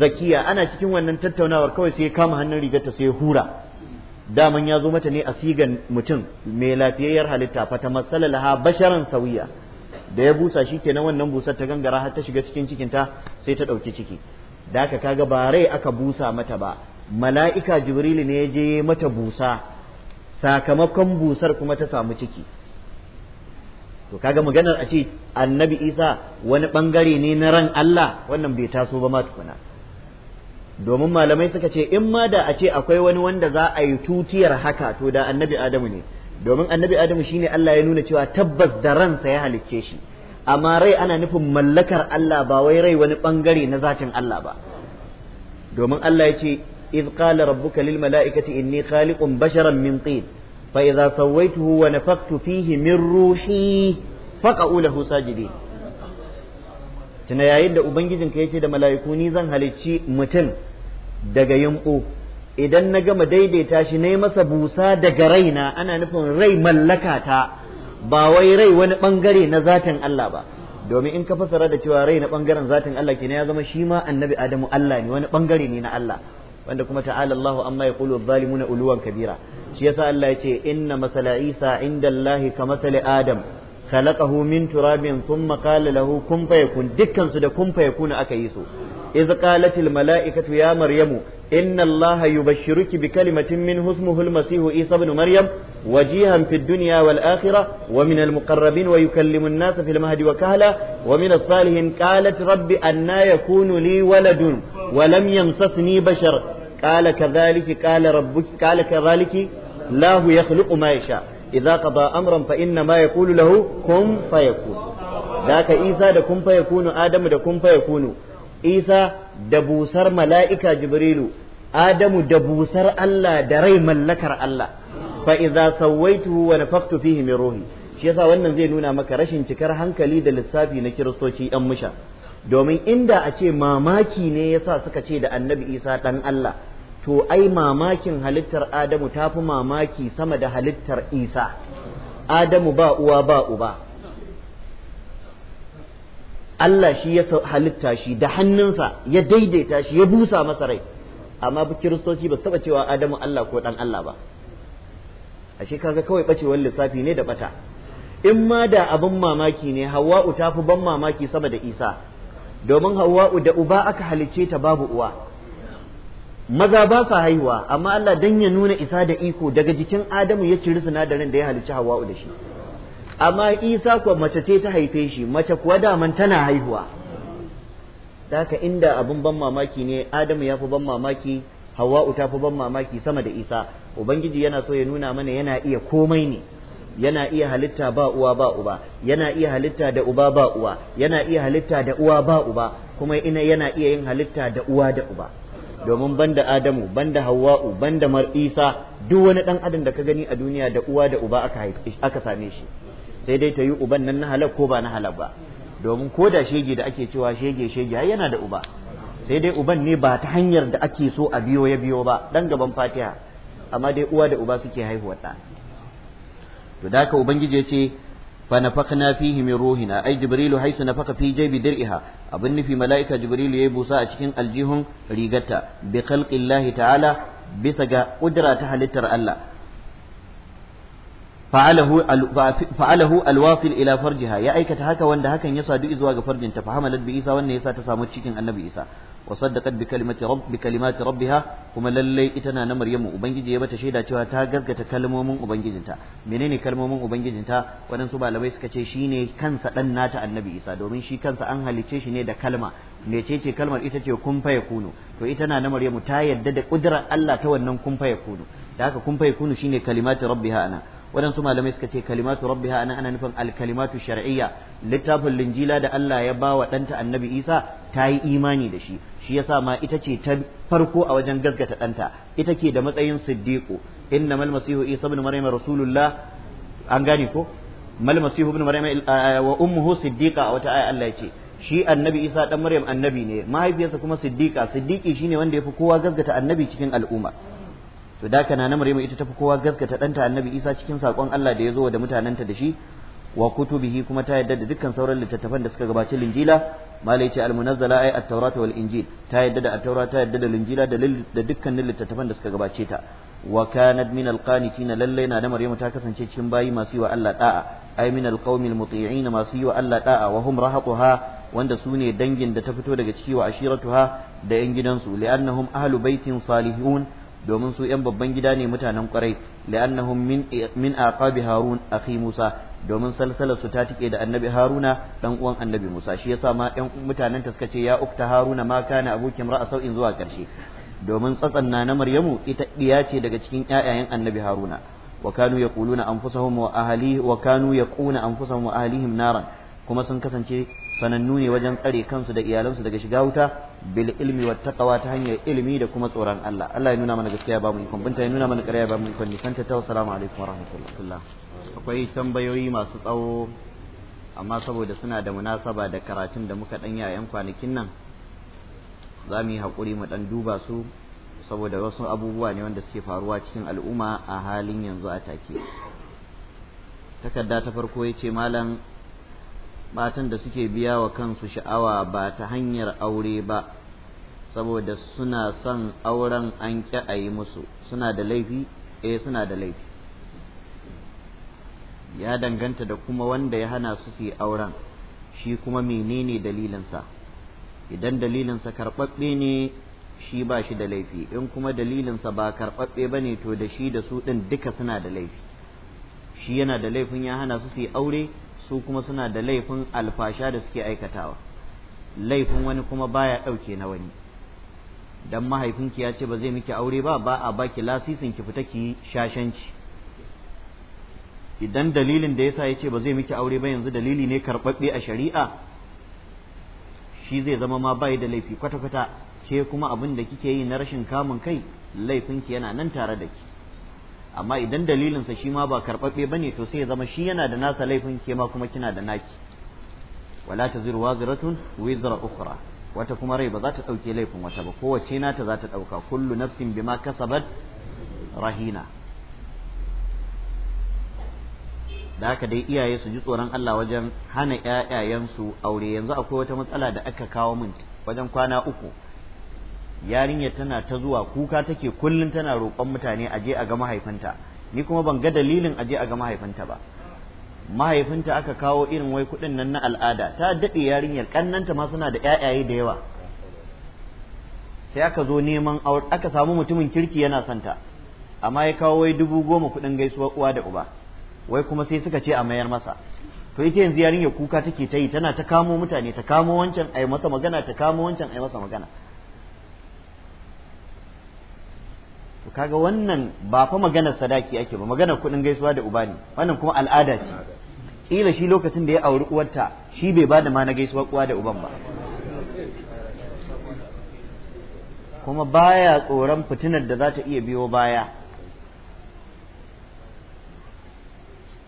zakiya ana cikin wannan tattaunawar kawai sai kama hannun rigarta sai hura daman ya zo mata ne a sigan mutum mai lafiyayyar halitta fata matsalar laha basharan sauya da ya busa shi kenan wannan busar ta gangara har ta shiga cikin cikinta sai ta ɗauki ciki da haka kaga ba rai aka busa mata ba mala'ika jibrilu ne ya je mata busa sakamakon busar kuma ta samu ciki to kaga maganar a ce annabi isa wani bangare ne na ran Allah wannan bai taso ba ma tukuna domin malamai suka ce in ma da a ce akwai wani wanda za a yi tutiyar haka to da annabi adamu ne domin annabi adamu shine Allah ya nuna cewa tabbas da ransa ya halicce shi amma rai ana nufin mallakar Allah ba wai rai wani bangare na zatin Allah ba domin Allah ya ce idh qala rabbuka lil mala'ikati inni khaliqun basharan min fa idza sawaituhu wa nafaktu fihi min ruhi faqa'u lahu sajidin tuna yayin da ubangijinka yace da mala'iku ni zan halicci mutum daga yumbu idan na gama daidaita shi ne masa busa daga raina ana nufin rai mallaka ta ba wai rai wani bangare na zatin Allah ba domin in ka fasara da cewa rai na bangaren zatin Allah kenan ya zama shi ma annabi Adamu Allah ne wani bangare ne na Allah wanda kuma ta'ala Allah amma ya adh na uluwan kabira shi yasa Allah ya ce inna masala Isa inda Allah ka masala Adam khalaqahu min turabin thumma qala lahu kun fayakun dukkan su da kun fayakun aka yi su iz qalatil mala'ikatu ya maryamu inna Allah yubashshiruki bi kalimatin min husmuhu al-masih Isa ibn Maryam wajihan fid dunya wal akhirah wa min al-muqarrabin wa yukallimu an-nas fil mahdi wa kahla wa min as-salihin qalat rabbi anna yakunu li waladun wa lam bashar قال كذلك قال ربك قال كذلك الله يخلق ما يشاء إذا قضى أمرا فإنما يقول له كن فيكون ذاك إيسى دا كن فيكون آدم دا كن فيكون إيسى دبوسر ملائكة جبريل آدم دبوسر الله دري ملكر الله فإذا سويته ونفخت فيه من روحي shi yasa wannan zai nuna maka rashin cikar hankali da lissafi na kiristoci yan musha domin inda a ce mamaki ne yasa suka ce da annabi isa dan Allah to ai mamakin halittar adamu ta fi mamaki sama da halittar isa adamu ba uwa ba uba Allah shi ya halitta shi da hannunsa ya daidaita shi ya busa masa rai amma kiristoci ba saba cewa adamu Allah ko dan Allah ba ashe kaga kawai ɓacewar lissafi ne da bata in ma da abin mamaki ne hawa'u ta fi ban mamaki sama da isa domin hawa'u da uba aka halicce ta babu uwa maza ba sa haihuwa amma Allah dan ya nuna isa da iko daga jikin Adamu ya ciri sinadarin da ya halicci hawa da shi amma Isa kuwa mace ce ta haife shi mace kuwa daman tana haihuwa haka inda abin ban mamaki ne Adamu ya fi ban mamaki Hawwa'u ta fi ban mamaki sama da Isa ubangiji yana so ya nuna mana yana iya komai ne yana iya halitta ba uwa ba uba yana iya halitta da uba ba uwa yana iya halitta da uwa ba uba kuma ina yana iya yin halitta da uwa da uba domin banda adamu banda hawa'u banda isa duk wani dan adam da ka gani a duniya da uwa da uba aka aka same shi sai dai ta yi uban nan na halal ko ba na halal ba domin ko da shege da ake cewa shege shege ai yana da uba sai dai uban ne ba ta hanyar da ake so a biyo ya biyo ba dan gaban fatiha amma dai uwa da uba suke haihuwa ta to da haka ubangiji ya ce na فنفقنا فيه من روحنا اي جبريل حيث نفق في جيب درعها ابن في ملائكه جبريل busa a cikin aljihun rigarta bi الله تعالى bisa ga قدره ta halittar Allah fa'alahu alwasil ila farjiha ya aikata haka wanda hakan ya sadu zuwa ga farjinta fa hamalat bi isa wannan yasa ta samu cikin annabi isa wa saddaqat bi kalimati rabb bi kuma lallai ita na Maryamu ubangiji ya bata shaida cewa ta gaskata kalmomin ubangijinta menene kalmomin ubangijinta waɗansu malamai suka ce shine kansa dan nata annabi Isa domin shi kansa an halicce shi ne da kalma mecece kalmar ita ce kun fa yakunu to ita na Maryamu ta yadda da kudrar Allah ta wannan kun fa yakunu da haka kun fa yakunu shine kalimati rabbiha ana waɗansu malamai suka ce kalimatu rabbiha anan ana nufin alkalimatu shar'iyya littafin linjila da Allah ya ba wa ɗanta annabi Isa ta yi imani da shi shi yasa ma ita ce ta farko a wajen gazgata ɗanta ita ke da matsayin siddiqu innamal masihu Isa ibn Maryam rasulullah an gane ko mal masihu ibn Maryam eh, wa ummuhu siddiqa a wata aya Allah ya ce shi annabi Isa dan Maryam annabi ne mahaifiyarsa kuma siddiqa siddiqi shine wanda ya fi kowa gazgata annabi cikin al'umma to da na Maryam ita tafi kowa gaskata danta Annabi Isa cikin saƙon Allah da ya zo da mutanenta da shi wa kutubihi kuma ta yadda da dukkan sauran littattafan da suka gabaci linjila malai ce almunazzala ay at-taurat wal injil ta yadda da at ta yadda da linjila da dukkanin littattafan da suka gabace ta wa kanat min al-qanitina lallai na da maryamu ta kasance cikin bayi masu yi wa Allah da'a ai min al-qaumi al-muti'in masu yi wa Allah da'a wa hum rahatuha wanda su ne dangin da ta fito daga ciki wa ashiratuha da yan gidansu li'annahum ahlu baitin salihun domin su yan babban gida ne mutanen kwarai li'annahum min min aqabi harun akhi musa domin salsalar su ta tike da annabi haruna dan uwan annabi musa shi yasa ma yan mutanen ta suka ce ya ukta haruna ma kana abuki imra'a sau'in zuwa karshe domin tsatsanna na maryamu ita ɗiya ce daga cikin yayan annabi haruna wa kanu ƙuna anfusahum wa ahlihi wa kanu anfusahum wa naran kuma sun kasance sanannu ne wajen tsare kansu da iyalansu daga shiga wuta bil ilmi wat taqwa ta hanyar ilmi da kuma tsoron Allah Allah ya nuna mana gaskiya ba mu ikon binta ya nuna mana ƙarya ba mu ikon san ta tawa alaikum wa rahmatullah akwai tambayoyi masu tsawo amma saboda suna da munasaba da karatun da muka dan 'yan kwanakin nan za mu yi haƙuri mu dan duba su saboda wasu abubuwa ne wanda suke faruwa cikin al'umma a halin yanzu a take takarda ta farko ya ce malam matan da suke biya wa kansu sha'awa ba ta hanyar aure ba saboda suna son auren an ƙi a yi musu suna da laifi eh suna da laifi ya danganta da kuma wanda ya hana su su yi auren shi kuma menene dalilinsa idan dalilinsa karɓaɓɓe ne shi ba shi da laifi in kuma dalilinsa ba karɓaɓɓe ba ne to da shi da su ɗin duka suna da laifi shi yana da laifin ya hana su su yi aure su kuma suna da laifin alfasha da suke aikatawa laifin wani kuma baya ɗauke na wani dan mahaifinki ya ce ba zai miki aure ba ba a baki lasisin ki fita ki shashanci idan dalilin da yasa ya ce ba zai miki aure ba yanzu dalili ne karɓaɓɓe a shari'a shi zai zama ma bai da laifi kwata-kwata ke kuma abin da kike yi na rashin kamun kai laifinki yana nan tare da ki amma idan dalilinsa shi ma ba karɓaɓɓe ba ne to sai ya zama shi yana da nasa laifin ke ma kuma kina da naki wala ta ziru waziratun wizra ukhra wata kuma rai ba za ta ɗauke laifin wata ba kowace nata za ta ɗauka kullu nafsin bima kasabat rahina da haka dai iyaye su ji tsoron Allah wajen hana ƴaƴayensu aure yanzu akwai wata matsala da aka kawo min wajen kwana uku yarinya tana ta zuwa kuka take kullum tana roƙon mutane a je a ga mahaifinta ni kuma ban ga dalilin a je a ga mahaifinta ba mahaifinta aka kawo irin wai kuɗin nan na al'ada ta daɗe yarinyar ƙannanta ma suna da ƴaƴaye da yawa sai aka zo neman aka samu mutumin kirki yana santa amma ya kawo wai dubu goma kuɗin gaisuwa uwa da uba wai kuma sai suka ce a mayar masa to ita yanzu yarinyar kuka take ta yi tana ta kamo mutane ta kamo wancan ai masa magana ta kamo wancan ai masa magana to kaga wannan ba fa maganar sadaki ake ba maganar kuɗin gaisuwa da uba ne wannan kuma al'ada ce kila shi lokacin da ya auri uwarta shi bai ba da ma na gaisuwa uwa da uban ba kuma baya tsoron fitinar da za ta iya biyo baya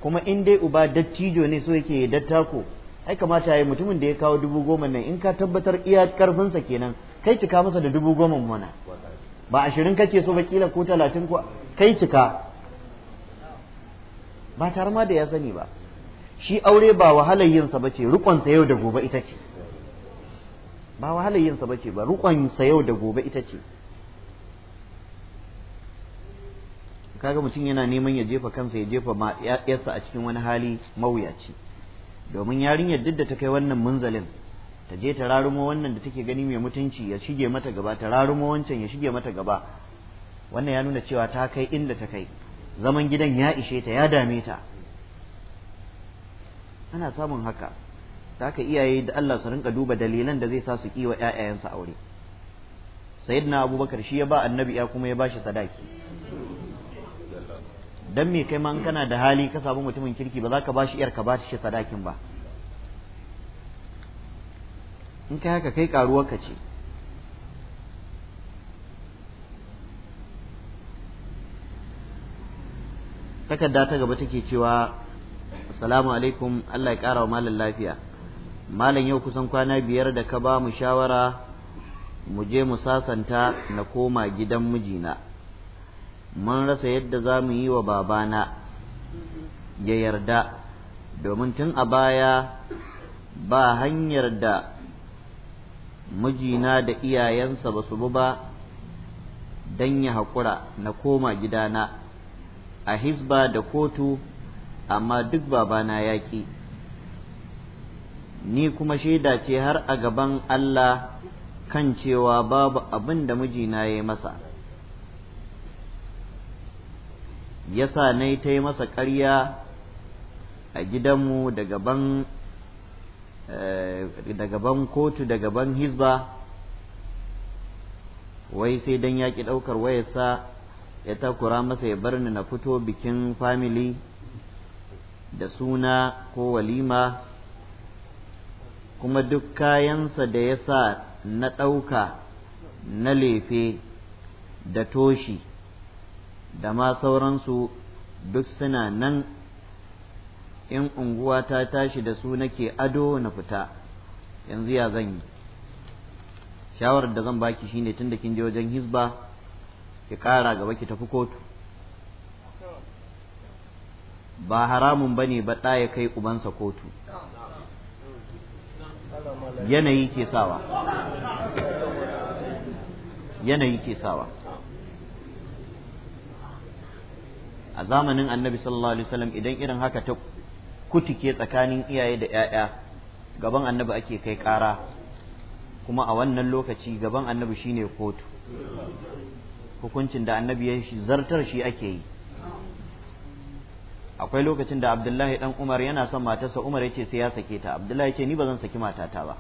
kuma in dai uba dattijo ne so yake dattako ai kamata ya mutumin da ya kawo dubu goma nan in ka tabbatar iya karfinsa kenan kai ki ka masa da dubu goma mana ba ashirin kake so ba kila ko talatin ko kai cika ba tare ma da ya sani ba shi aure ba wahalar yinsa ba ce rukonsa yau da gobe ita ce ba wahalar yinsa ba ce ba rukonsa yau da gobe ita ce kaga mutum yana neman ya jefa kansa ya jefa yarsa a cikin wani hali mawuyaci domin yarinyar duk da ta kai wannan munzalin ta je ta rarumo wannan da take gani mai mutunci ya shige mata gaba ta rarumo wancan ya shige mata gaba wannan ya nuna cewa ta kai inda ta kai zaman gidan ya ishe ta ya dame ta ana samun haka ta ka iyaye da Allah su rinka duba dalilan da zai sa su kiwa ƴaƴayensu aure sayyidina abubakar shi ya ba annabi ya kuma ya bashi sadaki dan me kai ma kana da hali ka samu mutumin kirki ba za ka bashi iyar ka shi sadakin ba in kai haka kai ka ce takarda ta gaba take cewa assalamu alaikum Allah ya ƙara wa malin lafiya malam yau kusan kwana biyar da ka ba mu shawara mu je mu sasanta na koma gidan mijina mun rasa yadda za mu yi wa babana ya yarda domin tun a baya ba hanyar da mijina da iyayensa ba su bi ba don ya haƙura na koma gidana a hisba da kotu amma duk babana ya ƙi ni kuma shaida ce har a gaban Allah kan cewa babu abin da mijina ya yi masa yasa na yi ta yi masa ƙarya a gidanmu da gaban Eh, daga ban kotu da gaban hizba wai sai dan ya ki ɗaukar wayarsa ya takura masa ya bar ni na fito bikin family da suna ko walima kuma duk kayansa da ya sa na ɗauka na lefe da toshi da ma sauransu duk suna nan in unguwa ta tashi da su nake ado na fita yanzu ya zan yi shawarar da zan baki shine tunda kin je wajen hizba ki kara gaba ki tafi kotu ba haramun bane ba ɗa ya kai ubansa kotu yanayi ke sawa yanayi ke sawa a zamanin annabi sallallahu alaihi wasallam idan irin haka ta kutike tsakanin iyaye da 'ya'ya gaban annabi ake kai ƙara kuma a wannan lokaci gaban annabi shine kotu hukuncin da annabi ya shi zartar shi ake yi akwai lokacin da abdullahi dan umar yana son matarsa umar yace sai ya sake ta abdullahi yace ni ba zan saki matata ba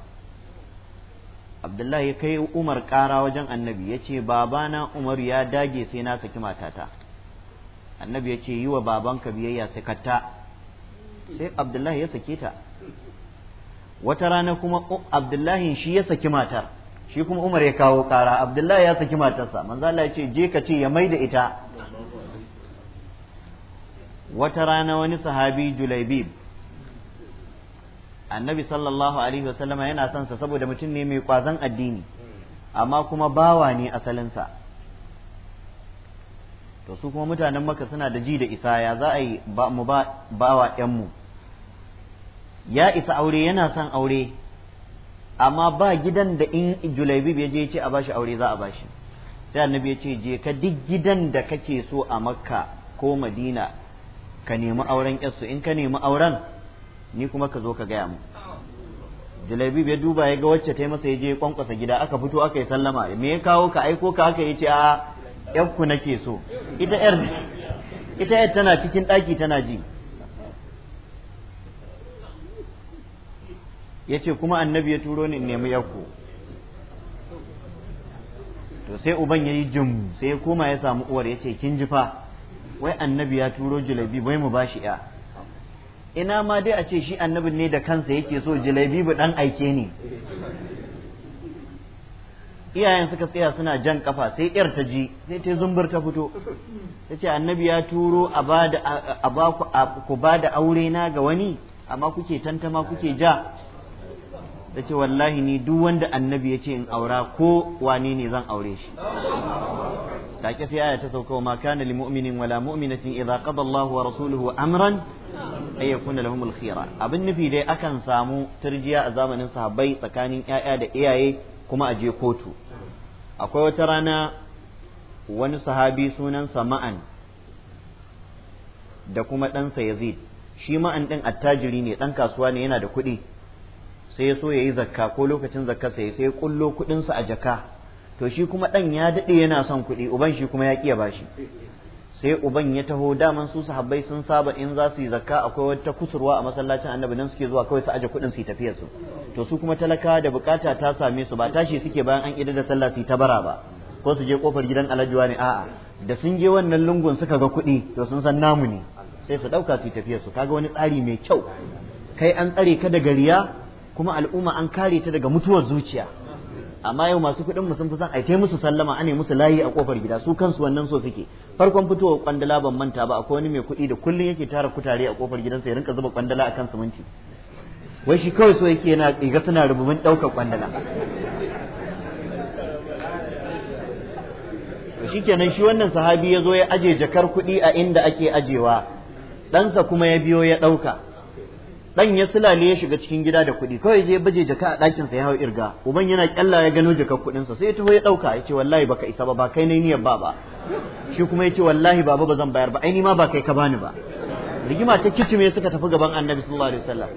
abdullahi ya kai umar ƙara wajen annabi yace babana umar ya dage sai na saki matata annabi yace yi wa babanka biyayya sai ta sai abdullahi ya sake ta wata rana kuma abdullahi shi ya saki matar shi kuma umar ya kawo kara abdullahi ya saki matarsa manzo Allah ya ce je ka ce ya maida ita wata rana wani sahabi julaibib annabi sallallahu alaihi wasallama yana son sa saboda mutum ne mai kwazon addini amma kuma bawa ne asalinsa to su kuma mutanen maka suna da ji da isa ya za a yi ba mu ba wa ƴanmu ya isa aure yana son aure amma ba gidan da in julaibib ya je ya ce a bashi aure za a bashi sai annabi ya ce je ka duk gidan da kake so a makka ko madina ka nemi auren yarsu in ka nemi auren ni kuma ka zo ka gaya mu julaibib ya duba ya ga wacce ta yi masa ya je ya kwankwasa gida aka fito aka yi sallama me ya kawo ka aiko ka aka yi ce a ku nake so ita yar ita yar tana cikin ɗaki tana ji ya ce kuma annabi ya turo ni nemi yarku to sai uban ya yi jim sai ya koma ya samu uwar ya ce kin ji fa wai annabi ya turo jilabi bai mu bashi ya ina ma dai a ce shi annabin ne da kansa yake so jilabi bu dan aike ni iyayen suka tsaya suna jan kafa sai yar ta ji sai ta zumbur ta fito ta ce annabi ya turo a ba ku ba da aure na ga wani amma kuke tantama kuke ja ta ce wallahi ni duk wanda annabi ya ce in aura ko wani ne zan aure shi ke sai aya ta sauka ma kana lil mu'minin wala mu'minatin idza qada Allah wa rasuluhu amran ay yakuna lahum khiyara abin nufi dai akan samu turjiya a zamanin sahabbai tsakanin yaya da iyaye kuma a je kotu akwai wata rana wani sahabi sunansa ma'an da kuma ɗansa yazid shi ma'an ɗin attajiri ne ɗan kasuwa ne yana da kuɗi sai ya so ya yi zakka ko lokacin zakka sai sai kullo kuɗinsa a jaka to shi kuma ɗan ya daɗe yana son kuɗi uban shi kuma ya ƙiya bashi sai uban ya taho daman su sahabbai sun saba in za su yi zakka akwai wata kusurwa a masallacin annabi nan suke zuwa kawai su aje kuɗin su yi tafiyar su to su kuma talaka da bukata ta same su ba tashi suke bayan an idar da sallah su yi ta bara ba ko su je kofar gidan alajuwa ne a'a da sun je wannan lungun suka ga kuɗi to sun san namu ne sai su ɗauka su yi tafiyar su kaga wani tsari mai kyau kai an tsare ka daga riya kuma al'umma an kare ta daga mutuwar zuciya amma yau masu kuɗin mu sun fi son a kai musu sallama ane musu layi a kofar gida su kansu wannan so suke farkon fitowa kwandala ban manta ba akwai wani mai kuɗi da kullum yake tara kutare a kofar gidansa ya rinka zuba kwandala akan siminti wai shi kawai so yake yana iga suna rububin ɗaukar kwandala shikenan shi wannan sahabi ya zo ya aje jakar kuɗi a inda ake ajewa ɗansa kuma ya biyo ya ɗauka dan ya sulale ya shiga cikin gida da kuɗi kawai je baje jaka a ɗakin sa ya hau irga uban yana kyalla ya gano jakar kuɗin sa sai ya taho ya ɗauka ya ce wallahi baka isa ba ba kai ne niyyar ba ba shi kuma ya ce wallahi baba ba zan bayar ba ai ni ma ba kai ka bani ba rigima ta kicime suka tafi gaban annabi sallallahu alaihi wasallam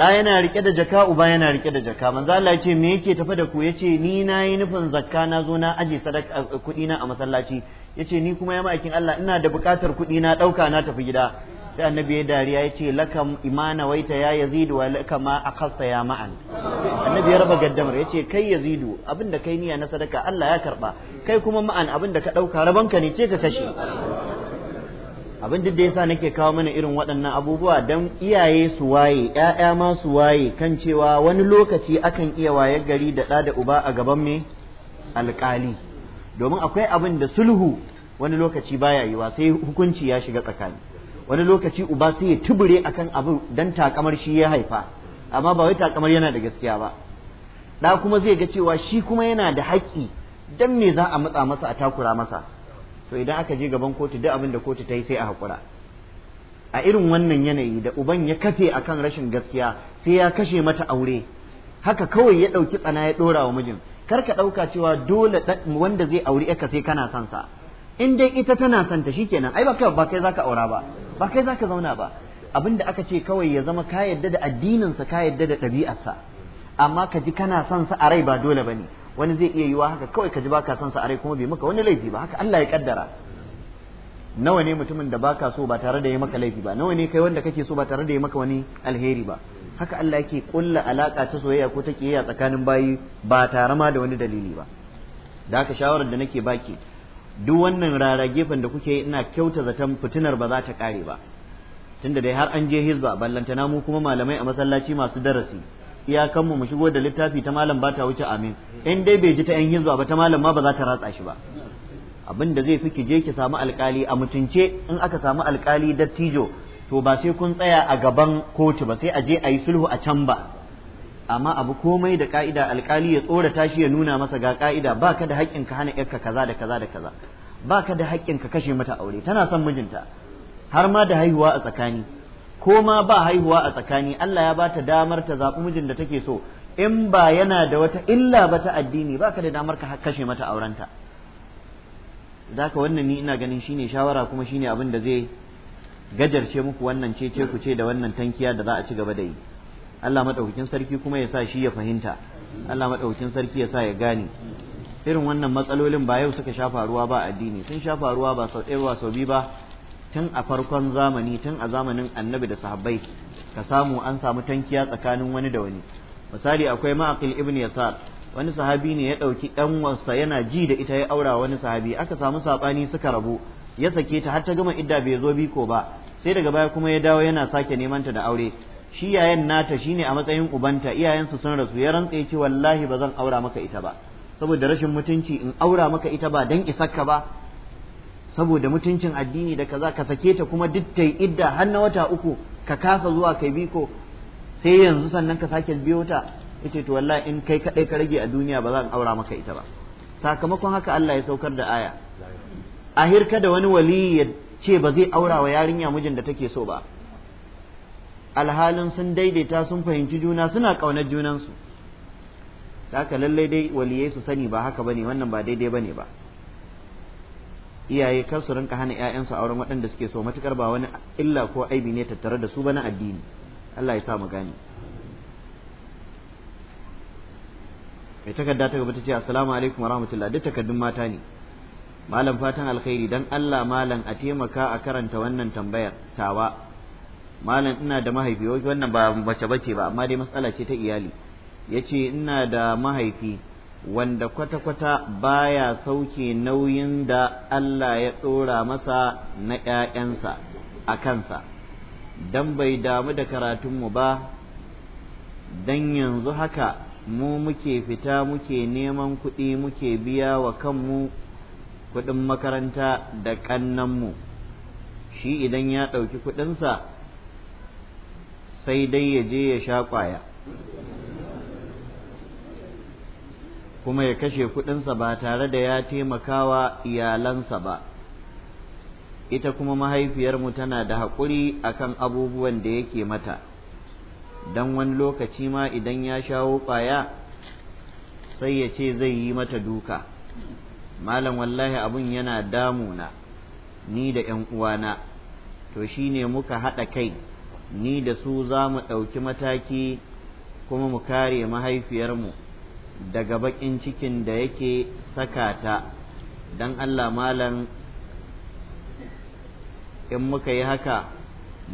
da yana rike da jaka uba yana rike da jaka manzo Allah ce me yake tafi da ku ce ni na yi nufin zakka na zo na aje sadaka kuɗi na a masallaci yace ni kuma ya ma'aikin Allah ina da buƙatar kuɗi na ɗauka na tafi gida sai annabi ya dariya ya ce laka imana waita ya yazidu wa laka ma akhasta ya ma'an annabi ya raba gaddamar ya ce kai yazidu abinda kai niya na sadaka Allah ya karba kai kuma ma'an abinda ka dauka rabanka ne ce ka kashe abin duk da yasa nake kawo mana irin waɗannan abubuwa don iyaye su waye 'ya'ya ma su waye kan cewa wani lokaci akan iya waye gari da ɗa da uba a gaban me alƙali domin akwai abin da sulhu wani lokaci baya yiwa sai hukunci ya shiga tsakani wani lokaci uba sai ya tubure akan abu dan takamar shi ya haifa amma ba wai takamar yana da gaskiya ba da kuma zai ga cewa shi kuma yana da haƙƙi dan me za a matsa masa a takura masa to idan aka je gaban kotu duk abin da kotu ta yi sai a haƙura a irin wannan yanayi da uban ya kafe akan rashin gaskiya sai ya kashe mata aure haka kawai ya ɗauki tsana ya ɗora wa mijin kar ka ɗauka cewa dole wanda zai aure ka sai kana son sa in dai ita tana son ta shikenan ai ba kai ba kai zaka aura ba ba kai zaka zauna ba abinda aka ce kawai ya zama ka yadda da addinin sa ka yadda da ɗabi'arsa amma ka ji kana son sa a rai ba dole bane wani zai iya yiwa haka kawai ka ji baka son sa a rai kuma bai maka wani laifi ba haka Allah ya kaddara nawa ne mutumin da baka so ba tare da ya maka laifi ba nawa ne kai wanda kake so ba tare da ya maka wani alheri ba haka Allah yake kulla alaka ta soyayya ko ta kiyayya tsakanin bayi ba tare ma da wani dalili ba da haka shawarar da nake baki duk wannan rara gefen da kuke ina kyauta zaton fitinar ba za ta kare ba tunda dai har an je hizba ballantana mu kuma malamai a masallaci masu darasi iyakanmu mu shigo da littafi ta malam ba ta wuce amin in dai bai ji ta yan hizba ba ta malam ma ba za ta ratsa shi ba abin da zai fi ki je ki samu alkali a mutunce in aka samu alkali dattijo to ba sai kun tsaya a gaban kotu ba sai a je a yi sulhu a can ba amma abu komai da ka'ida alkali ya tsorata shi ya nuna masa ga ka'ida ba ka da haƙƙin ka hana yarka kaza da kaza da kaza ba ka da haƙƙin ka kashe mata aure tana son mijinta har ma da haihuwa a tsakani ko ma ba haihuwa a tsakani Allah ya ba ta damar ta zaɓi mijin da take so in ba yana da wata illa ba ta addini ba ka da damar ka kashe mata aurenta zaka wannan ni ina ganin shine shawara kuma shine abin da zai gajarce muku wannan ce-ce ku ce da wannan tankiya da za a ci gaba da yi Allah madaukakin sarki kuma ya sa shi ya fahimta Allah madaukakin sarki ya sa ya gane irin wannan matsalolin ba yau suka sha faruwa ba addini sun sha faruwa ba sau ɗaya sau biyu ba tun a farkon zamani tun a zamanin annabi da sahabbai ka samu an samu tankiya tsakanin wani da wani misali akwai ma'aqil ibn yasar wani sahabi ne ya ɗauki wasa yana ji da ita ya aura wani sahabi aka samu saɓani suka rabu ya sake ta har ta gama idda bai zo biko ba sai daga baya kuma ya dawo yana sake neman ta da aure shi yayan nata shine a matsayin ubanta iyayensu sun rasu ya rantse ce wallahi ba zan aura maka ita ba saboda rashin mutunci in aura maka ita ba dan isakka ba saboda mutuncin addini da kaza ka sake ta kuma duk ta idda har na wata uku ka kasa zuwa kai biko sai yanzu sannan ka sake biyo ta yace to wallahi in kai kadai ka rage a duniya ba zan aura maka ita ba sakamakon haka Allah ya saukar da aya a hirka da wani wali ya ce ba zai aura wa yarinya mijin da take so ba alhalin sun daidaita sun fahimci juna suna ƙaunar junansu haka lallai dai waliyai su sani ba haka bane wannan ba daidai bane ba iyaye kar su rinka hana ƴaƴansu auren waɗanda suke so matukar ba wani illa ko aibi ne tattare da su ba na addini Allah ya sa mu gane mai takarda ta gaba ta ce assalamu alaikum wa rahmatullah duk takardun mata ne malam fatan alkhairi dan Allah malam a taimaka a karanta wannan tambayar tawa malam ina da mahaifi wannan ba mace bace ba amma dai matsala ce ta iyali yace ina da mahaifi wanda kwata-kwata baya sauke nauyin da Allah ya tsora masa na ‘ya'yansa a kansa dan bai damu da karatun mu ba dan yanzu haka mu muke fita muke neman kuɗi muke biya wa kanmu kuɗin makaranta da mu shi idan ya ɗauki kuɗinsa sai dai ya je ya sha ƙwaya kuma ya kashe kuɗinsa ba tare da ya taimakawa iyalansa ba ita kuma mahaifiyarmu tana da haƙuri akan abubuwan da yake mata don wani lokaci ma idan ya shawo ƙwaya sai ya ce zai yi mata duka malam wallahi abun yana damuna ni da ‘yan uwana to shine muka haɗa kai ni da su za mu ɗauki mataki kuma mu kare mahaifiyarmu daga baƙin cikin da yake saka ta don Allah malam in muka yi haka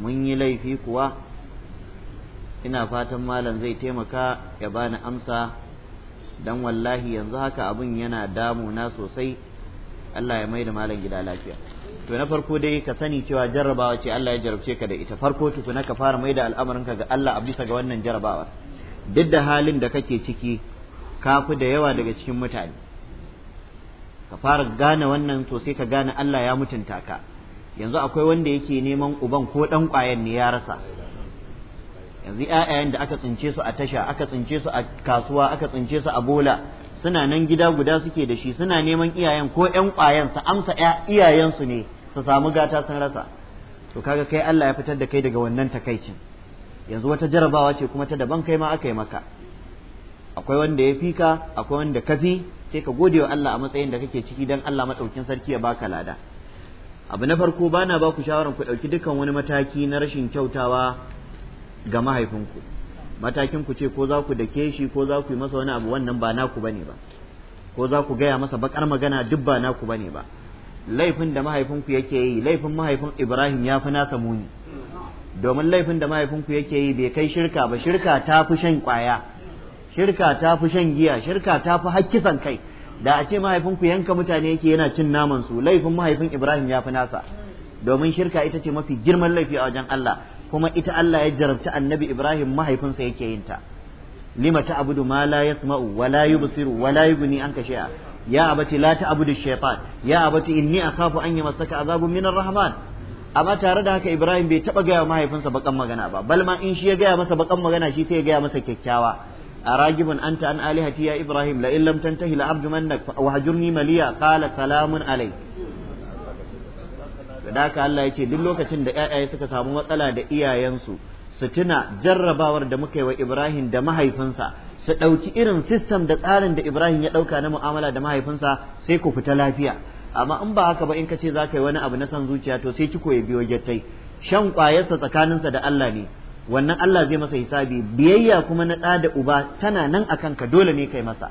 mun yi laifi kuwa ina fatan malam zai taimaka ya bani amsa don wallahi yanzu haka abin yana damuna sosai Allah ya mai da malam gida lafiya to na farko dai ka sani cewa jarrabawa ce Allah ya jarabce ka da ita farko na ka fara mai da ka ga Allah a bisa ga wannan jarrabawa duk da halin da kake ciki ka fi da yawa daga cikin mutane ka fara gane wannan to sai ka gane Allah ya mutunta ka yanzu akwai wanda yake neman uban ko dan kwayan ne ya rasa yanzu ƴaƴayen da aka tsince su a tasha aka tsince su a kasuwa aka tsince su a bola suna nan gida guda suke da shi suna neman iyayen ko ƴan ƙwayen su amsa iyayen su ne su samu gata sun rasa to kaga kai Allah ya fitar da kai daga wannan takaicin yanzu wata jarabawa ce kuma ta daban kai ma aka yi maka akwai wanda ya fika akwai wanda ka fi sai ka gode wa Allah a matsayin da kake ciki dan Allah madaukin sarki ya baka lada abu na farko bana baku ku shawaran ku ɗauki dukkan wani mataki na rashin kyautawa ga mahaifinku matakin ku ce ko za ku dake shi ko za ku yi masa wani abu wannan ba naku bane ba ko za ku gaya masa bakar magana duk ba naku bane ba laifin da mahaifinku yake yi laifin mahaifin Ibrahim ya fi nasa muni domin laifin da mahaifinku yake yi bai kai shirka ba shirka ta fi shan kwaya shirka ta fi shan giya shirka ta fi hakkisan kai da a ce mahaifinku yanka mutane yake yana cin naman su laifin mahaifin Ibrahim ya fi nasa domin shirka ita ce mafi girman laifi a wajen Allah kuma ita Allah ya jarabci annabi Ibrahim mahaifinsa yake yin ta lima ta'budu ma la yasma'u wa la yubsiru wa la yughni anka shay'a ya abati la ta'budu shaytan ya abati inni akhafu an yamassaka azabun minar rahman amma tare da haka Ibrahim bai taba gaya mahaifinsa bakan magana ba bal ma in shi ya gaya masa bakan magana shi sai ya gaya masa kyakkyawa أراجب أنت عن آلهتي يا إبراهيم لئن لم تنتهي wa hajurni مليا قال salamun عليك da haka Allah ya ce duk lokacin da ƴaƴaye suka samu matsala da iyayensu su tuna jarrabawar da muka yi wa Ibrahim da mahaifinsa su ɗauki irin sistem da tsarin da Ibrahim ya ɗauka na mu'amala da mahaifinsa sai ku fita lafiya amma in ba haka ba in ka ce za ka yi wani abu na san zuciya to sai ciko ya biyo gyattai shan ƙwayarsa tsakaninsa da Allah ne wannan Allah zai masa hisabi biyayya kuma na ɗa da uba tana nan akan ka dole ne kai masa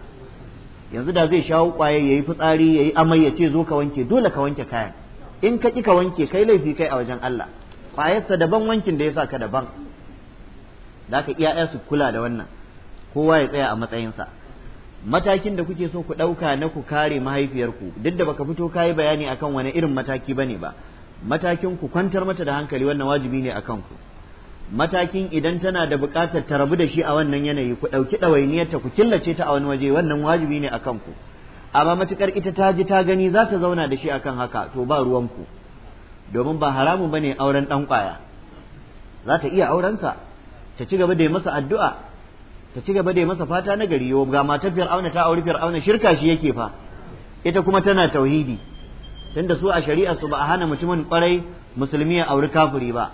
yanzu da zai shawo ƙwaye ya yi fitsari ya yi amai ya ce zo ka wanke dole ka wanke kayan in ka ƙi ka wanke kai laifi kai a wajen Allah ƙwayarsa daban wankin da ya sa ka daban da ka iyaye su kula da wannan kowa ya tsaya a matsayinsa matakin da kuke so ku ɗauka na ku kare mahaifiyarku duk da baka fito kayi bayani akan wani irin mataki bane ba matakin ku kwantar mata da hankali wannan wajibi ne akan ku matakin idan tana da buƙatar ta rabu da shi a wannan yanayi ku ɗauki ɗawainiyarta ku killace ta a wani waje wannan wajibi ne akan ku amma matukar ita ta ji ta gani za ta zauna da shi akan haka to ba ruwanku domin ba haramun ne auren dan kwaya za ta iya aurensa ta ci gaba da yi masa addu'a ta ci gaba da yi masa fata na gari yau ga matar fir'auna ta auri fir'auna shirka shi yake fa ita kuma tana tauhidi tunda su a shari'a su ba a hana mutumin kwarai musulmi ya auri kafiri ba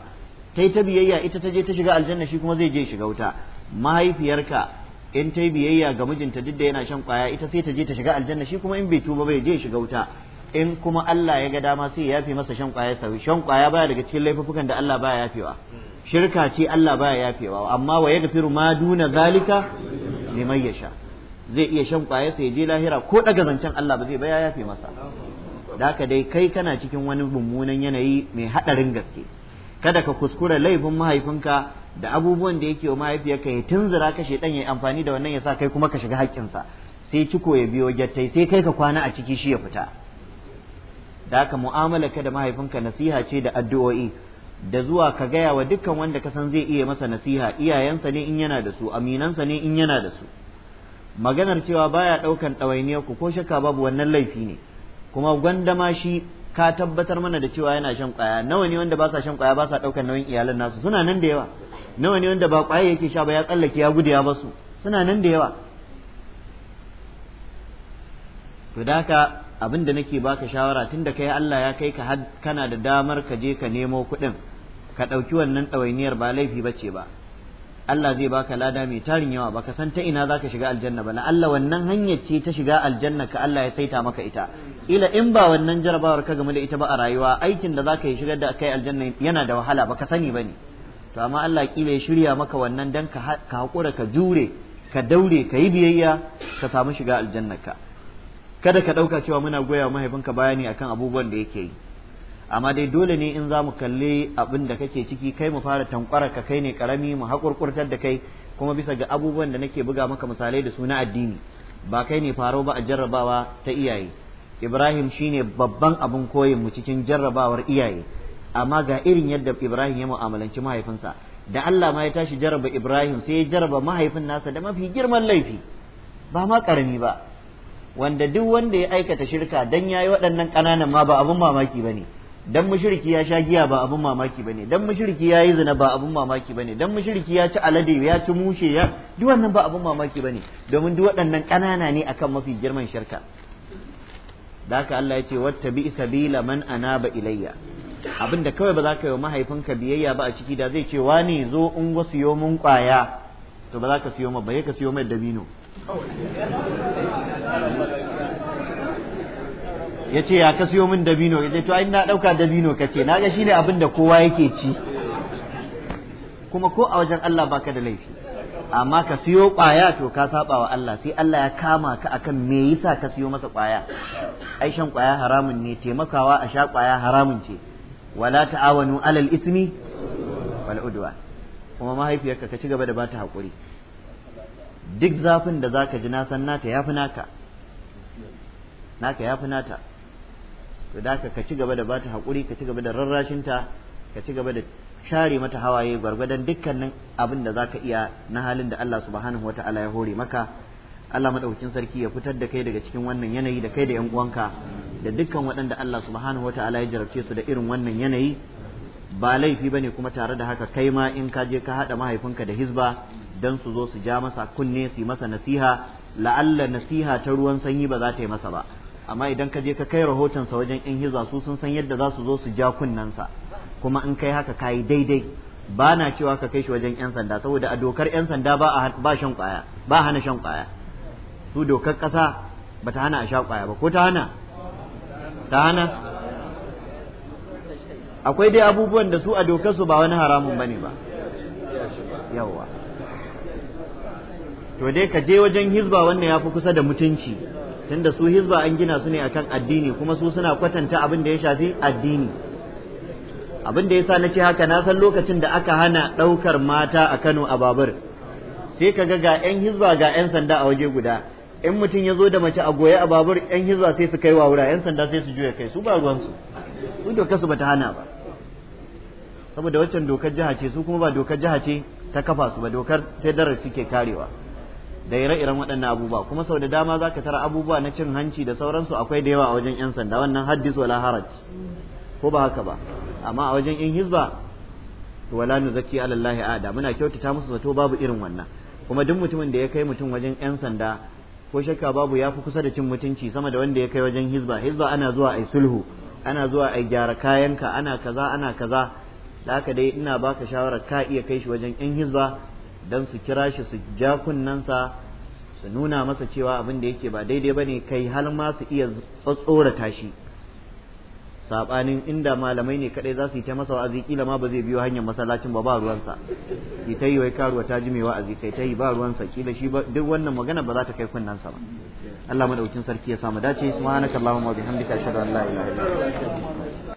ta yi ta biyayya ita ta je ta shiga aljanna shi kuma zai je shiga wuta mahaifiyarka in ta yi biyayya ga mijinta duk da yana shan kwaya ita sai ta je ta shiga aljanna shi kuma in bai tuba bai je shiga wuta in kuma Allah ya ga dama sai ya yafe masa shan kwaya sai shan kwaya baya daga cikin laifukan da Allah baya yafewa shirka ce Allah baya yafewa amma wa ya yaghfiru ma duna zalika liman yasha zai iya shan kwaya sai je lahira ko daga zancen Allah ba zai baya yafe masa da haka dai kai kana cikin wani mummunan yanayi mai hadarin gaske kada ka kuskura laifin mahaifinka da abubuwan da yake wa mahaifiyarka ya tunzura ka ɗan ya amfani da wannan ya sa kai kuma ka shiga haƙƙinsa sai ciko ya biyo gyattai sai kai ka kwana a ciki shi ya fita da haka mu'amala ka da mahaifinka nasiha ce da addu'o'i da zuwa ka gaya wa dukkan wanda ka san zai iya masa nasiha iyayensa ne in yana da su aminansa ne in yana da su maganar cewa baya ɗaukan ɗawainiyar ku ko shakka babu wannan laifi ne kuma gwandama shi ka tabbatar mana da cewa yana shan kwaya nawa ne wanda ba sa shan kwaya ba sa ɗaukan nauyin iyalan nasu suna nan da yawa nawa ne wanda ba kwaye yake sha ba ya tsallake ya gudu ya basu suna nan da yawa to da haka abin da nake baka shawara tunda kai Allah ya kai ka kana da damar ka je ka nemo kuɗin ka ɗauki wannan ɗawainiyar ba laifi ba ce ba Allah zai baka lada mai tarin yawa baka san ta ina zaka shiga aljanna ba Allah wannan hanyar ce ta shiga aljanna ka Allah ya saita maka ita ila in ba wannan jarabawar ka game da ita ba a rayuwa aikin da zaka yi shigar da kai aljanna yana da wahala baka sani bane ne to amma Allah kila ya shirya maka wannan dan ka haƙura ka jure ka daure ka yi biyayya ka samu shiga ka kada ka ɗauka cewa muna goya mahaifinka bayani akan abubuwan da yake yi amma dai dole ne in za mu kalli abin da kake ciki kai mu fara tankwara ka kai ne karami mu haƙurƙurtar da kai kuma bisa ga abubuwan da nake buga maka misalai da su na addini ba kai ne faro ba a jarrabawa ta iyaye ibrahim shine babban abin koyin mu cikin jarrabawar iyaye amma ga irin yadda Ibrahim ya mu'amalanci mahaifinsa da Allah ma ya tashi jaraba Ibrahim sai ya jaraba mahaifin nasa da mafi girman laifi ba ma karami ba wanda duk wanda ya aikata shirka dan yayi waɗannan ƙananan ma ba abun mamaki bane dan mushriki ya sha giya ba abun mamaki bane dan mushriki ya yi zina ba abun mamaki bane dan mushriki ya ci alade ya ci mushe ya duk wannan ba abun mamaki bane domin duk waɗannan ƙanana ne akan mafi girman shirka da haka Allah ya ce bi sabila man anaba ilayya Abin da kawai ba za ka yi mahaifinka biyayya ba a ciki da zai ce wani zo in wasu yo kwaya to ba za ka siyo ba ka siyo mai dabino ya ce ya ka siyo min dabino ya ce to ai na ɗauka dabino ka ce na ga shine abin da kowa yake ci kuma ko a wajen Allah baka da laifi amma ka siyo kwaya to ka saba wa Allah sai Allah ya kama ka akan me yasa ka siyo masa kwaya ai shan ƙwaya haramun ne taimakawa a sha kwaya haramun ce wala ta'awanu alal ismi wal kuma mahaifiyarka ka ci gaba da bata haƙuri. duk zafin da zaka ji na san nata yafi naka naka yafi nata to da ka ci gaba da bata hakuri ka ci gaba da rarrashinta ka ci gaba da share mata hawaye gwargwadon dukkanin abin da zaka iya na halin da Allah subhanahu wataala ya hore maka Allah madaukin sarki ya fitar da kai daga cikin wannan yanayi da kai da yan uwanka da dukkan waɗanda Allah subhanahu wataala ya jarabce su da irin wannan yanayi ba laifi bane kuma tare da haka kai ma in ka je ka haɗa mahaifinka da hizba dan su zo su ja masa kunne su yi masa nasiha la'alla nasiha ta ruwan sanyi ba za ta yi masa ba amma idan ka je ka kai rahoton sa wajen in hizba su sun san yadda za su zo su ja sa kuma in kai haka kayi daidai ba na cewa ka kai shi wajen 'yan sanda saboda a dokar 'yan sanda ba shan kwaya ba hana shan kwaya su dokar ƙasa ba ta hana a sha ƙwaya ba ko ta hana ta hana akwai dai abubuwan da su a dokar su ba wani haramun bane ba yawa to dai ka je wajen hizba wannan ya fi kusa da mutunci tunda su hizba an gina su ne akan addini kuma su suna kwatanta abin da ya shafi addini abin da yasa na ce haka na san lokacin da aka hana ɗaukar mata a Kano a babur sai ka ga ga 'yan hizba ga 'yan sanda a waje guda in mutum ya zo da mace a goye a babur yan hizuwa sai su kai wa wura yan sanda sai su juya kai su ba ruwansu su dokar su bata hana ba saboda waccan dokar jiha ce su kuma ba dokar jiha ce ta kafa su ba dokar federal suke karewa da ire-iren waɗannan abubuwa kuma sau da dama za ka tara abubuwa na cin hanci da sauransu akwai da yawa a wajen 'yan sanda wannan haddis wala haraj ko ba haka ba amma a wajen 'yan hizba wala nuzaki alallahi ada muna kyautata musu zato babu irin wannan kuma duk mutumin da ya kai mutum wajen 'yan sanda ko shakka babu ya fi kusa da cin mutunci sama da wanda ya kai wajen hizba hizba ana zuwa ai sulhu ana zuwa ai gyara kayanka ana kaza ana kaza da haka dai ina baka shawarar ka iya kai shi wajen yan hizba dan su kira shi su ja sa su nuna masa cewa abin da yake ba daidai bane kai har ma su iya tsatsorata shi sabanin inda malamai ne kadai za su yi ta masa wa'azi kila ma ba zai biyo hanyar masallacin ba ba ruwansa yi ta yi wai karuwa ta ji mai wa'azi kai ta yi ba ruwansa kila shi ba duk wannan magana ba za ta kai kunnan sa ba Allah madaukin sarki ya samu dace subhanakallahumma wa bihamdika ashhadu an la ilaha illa anta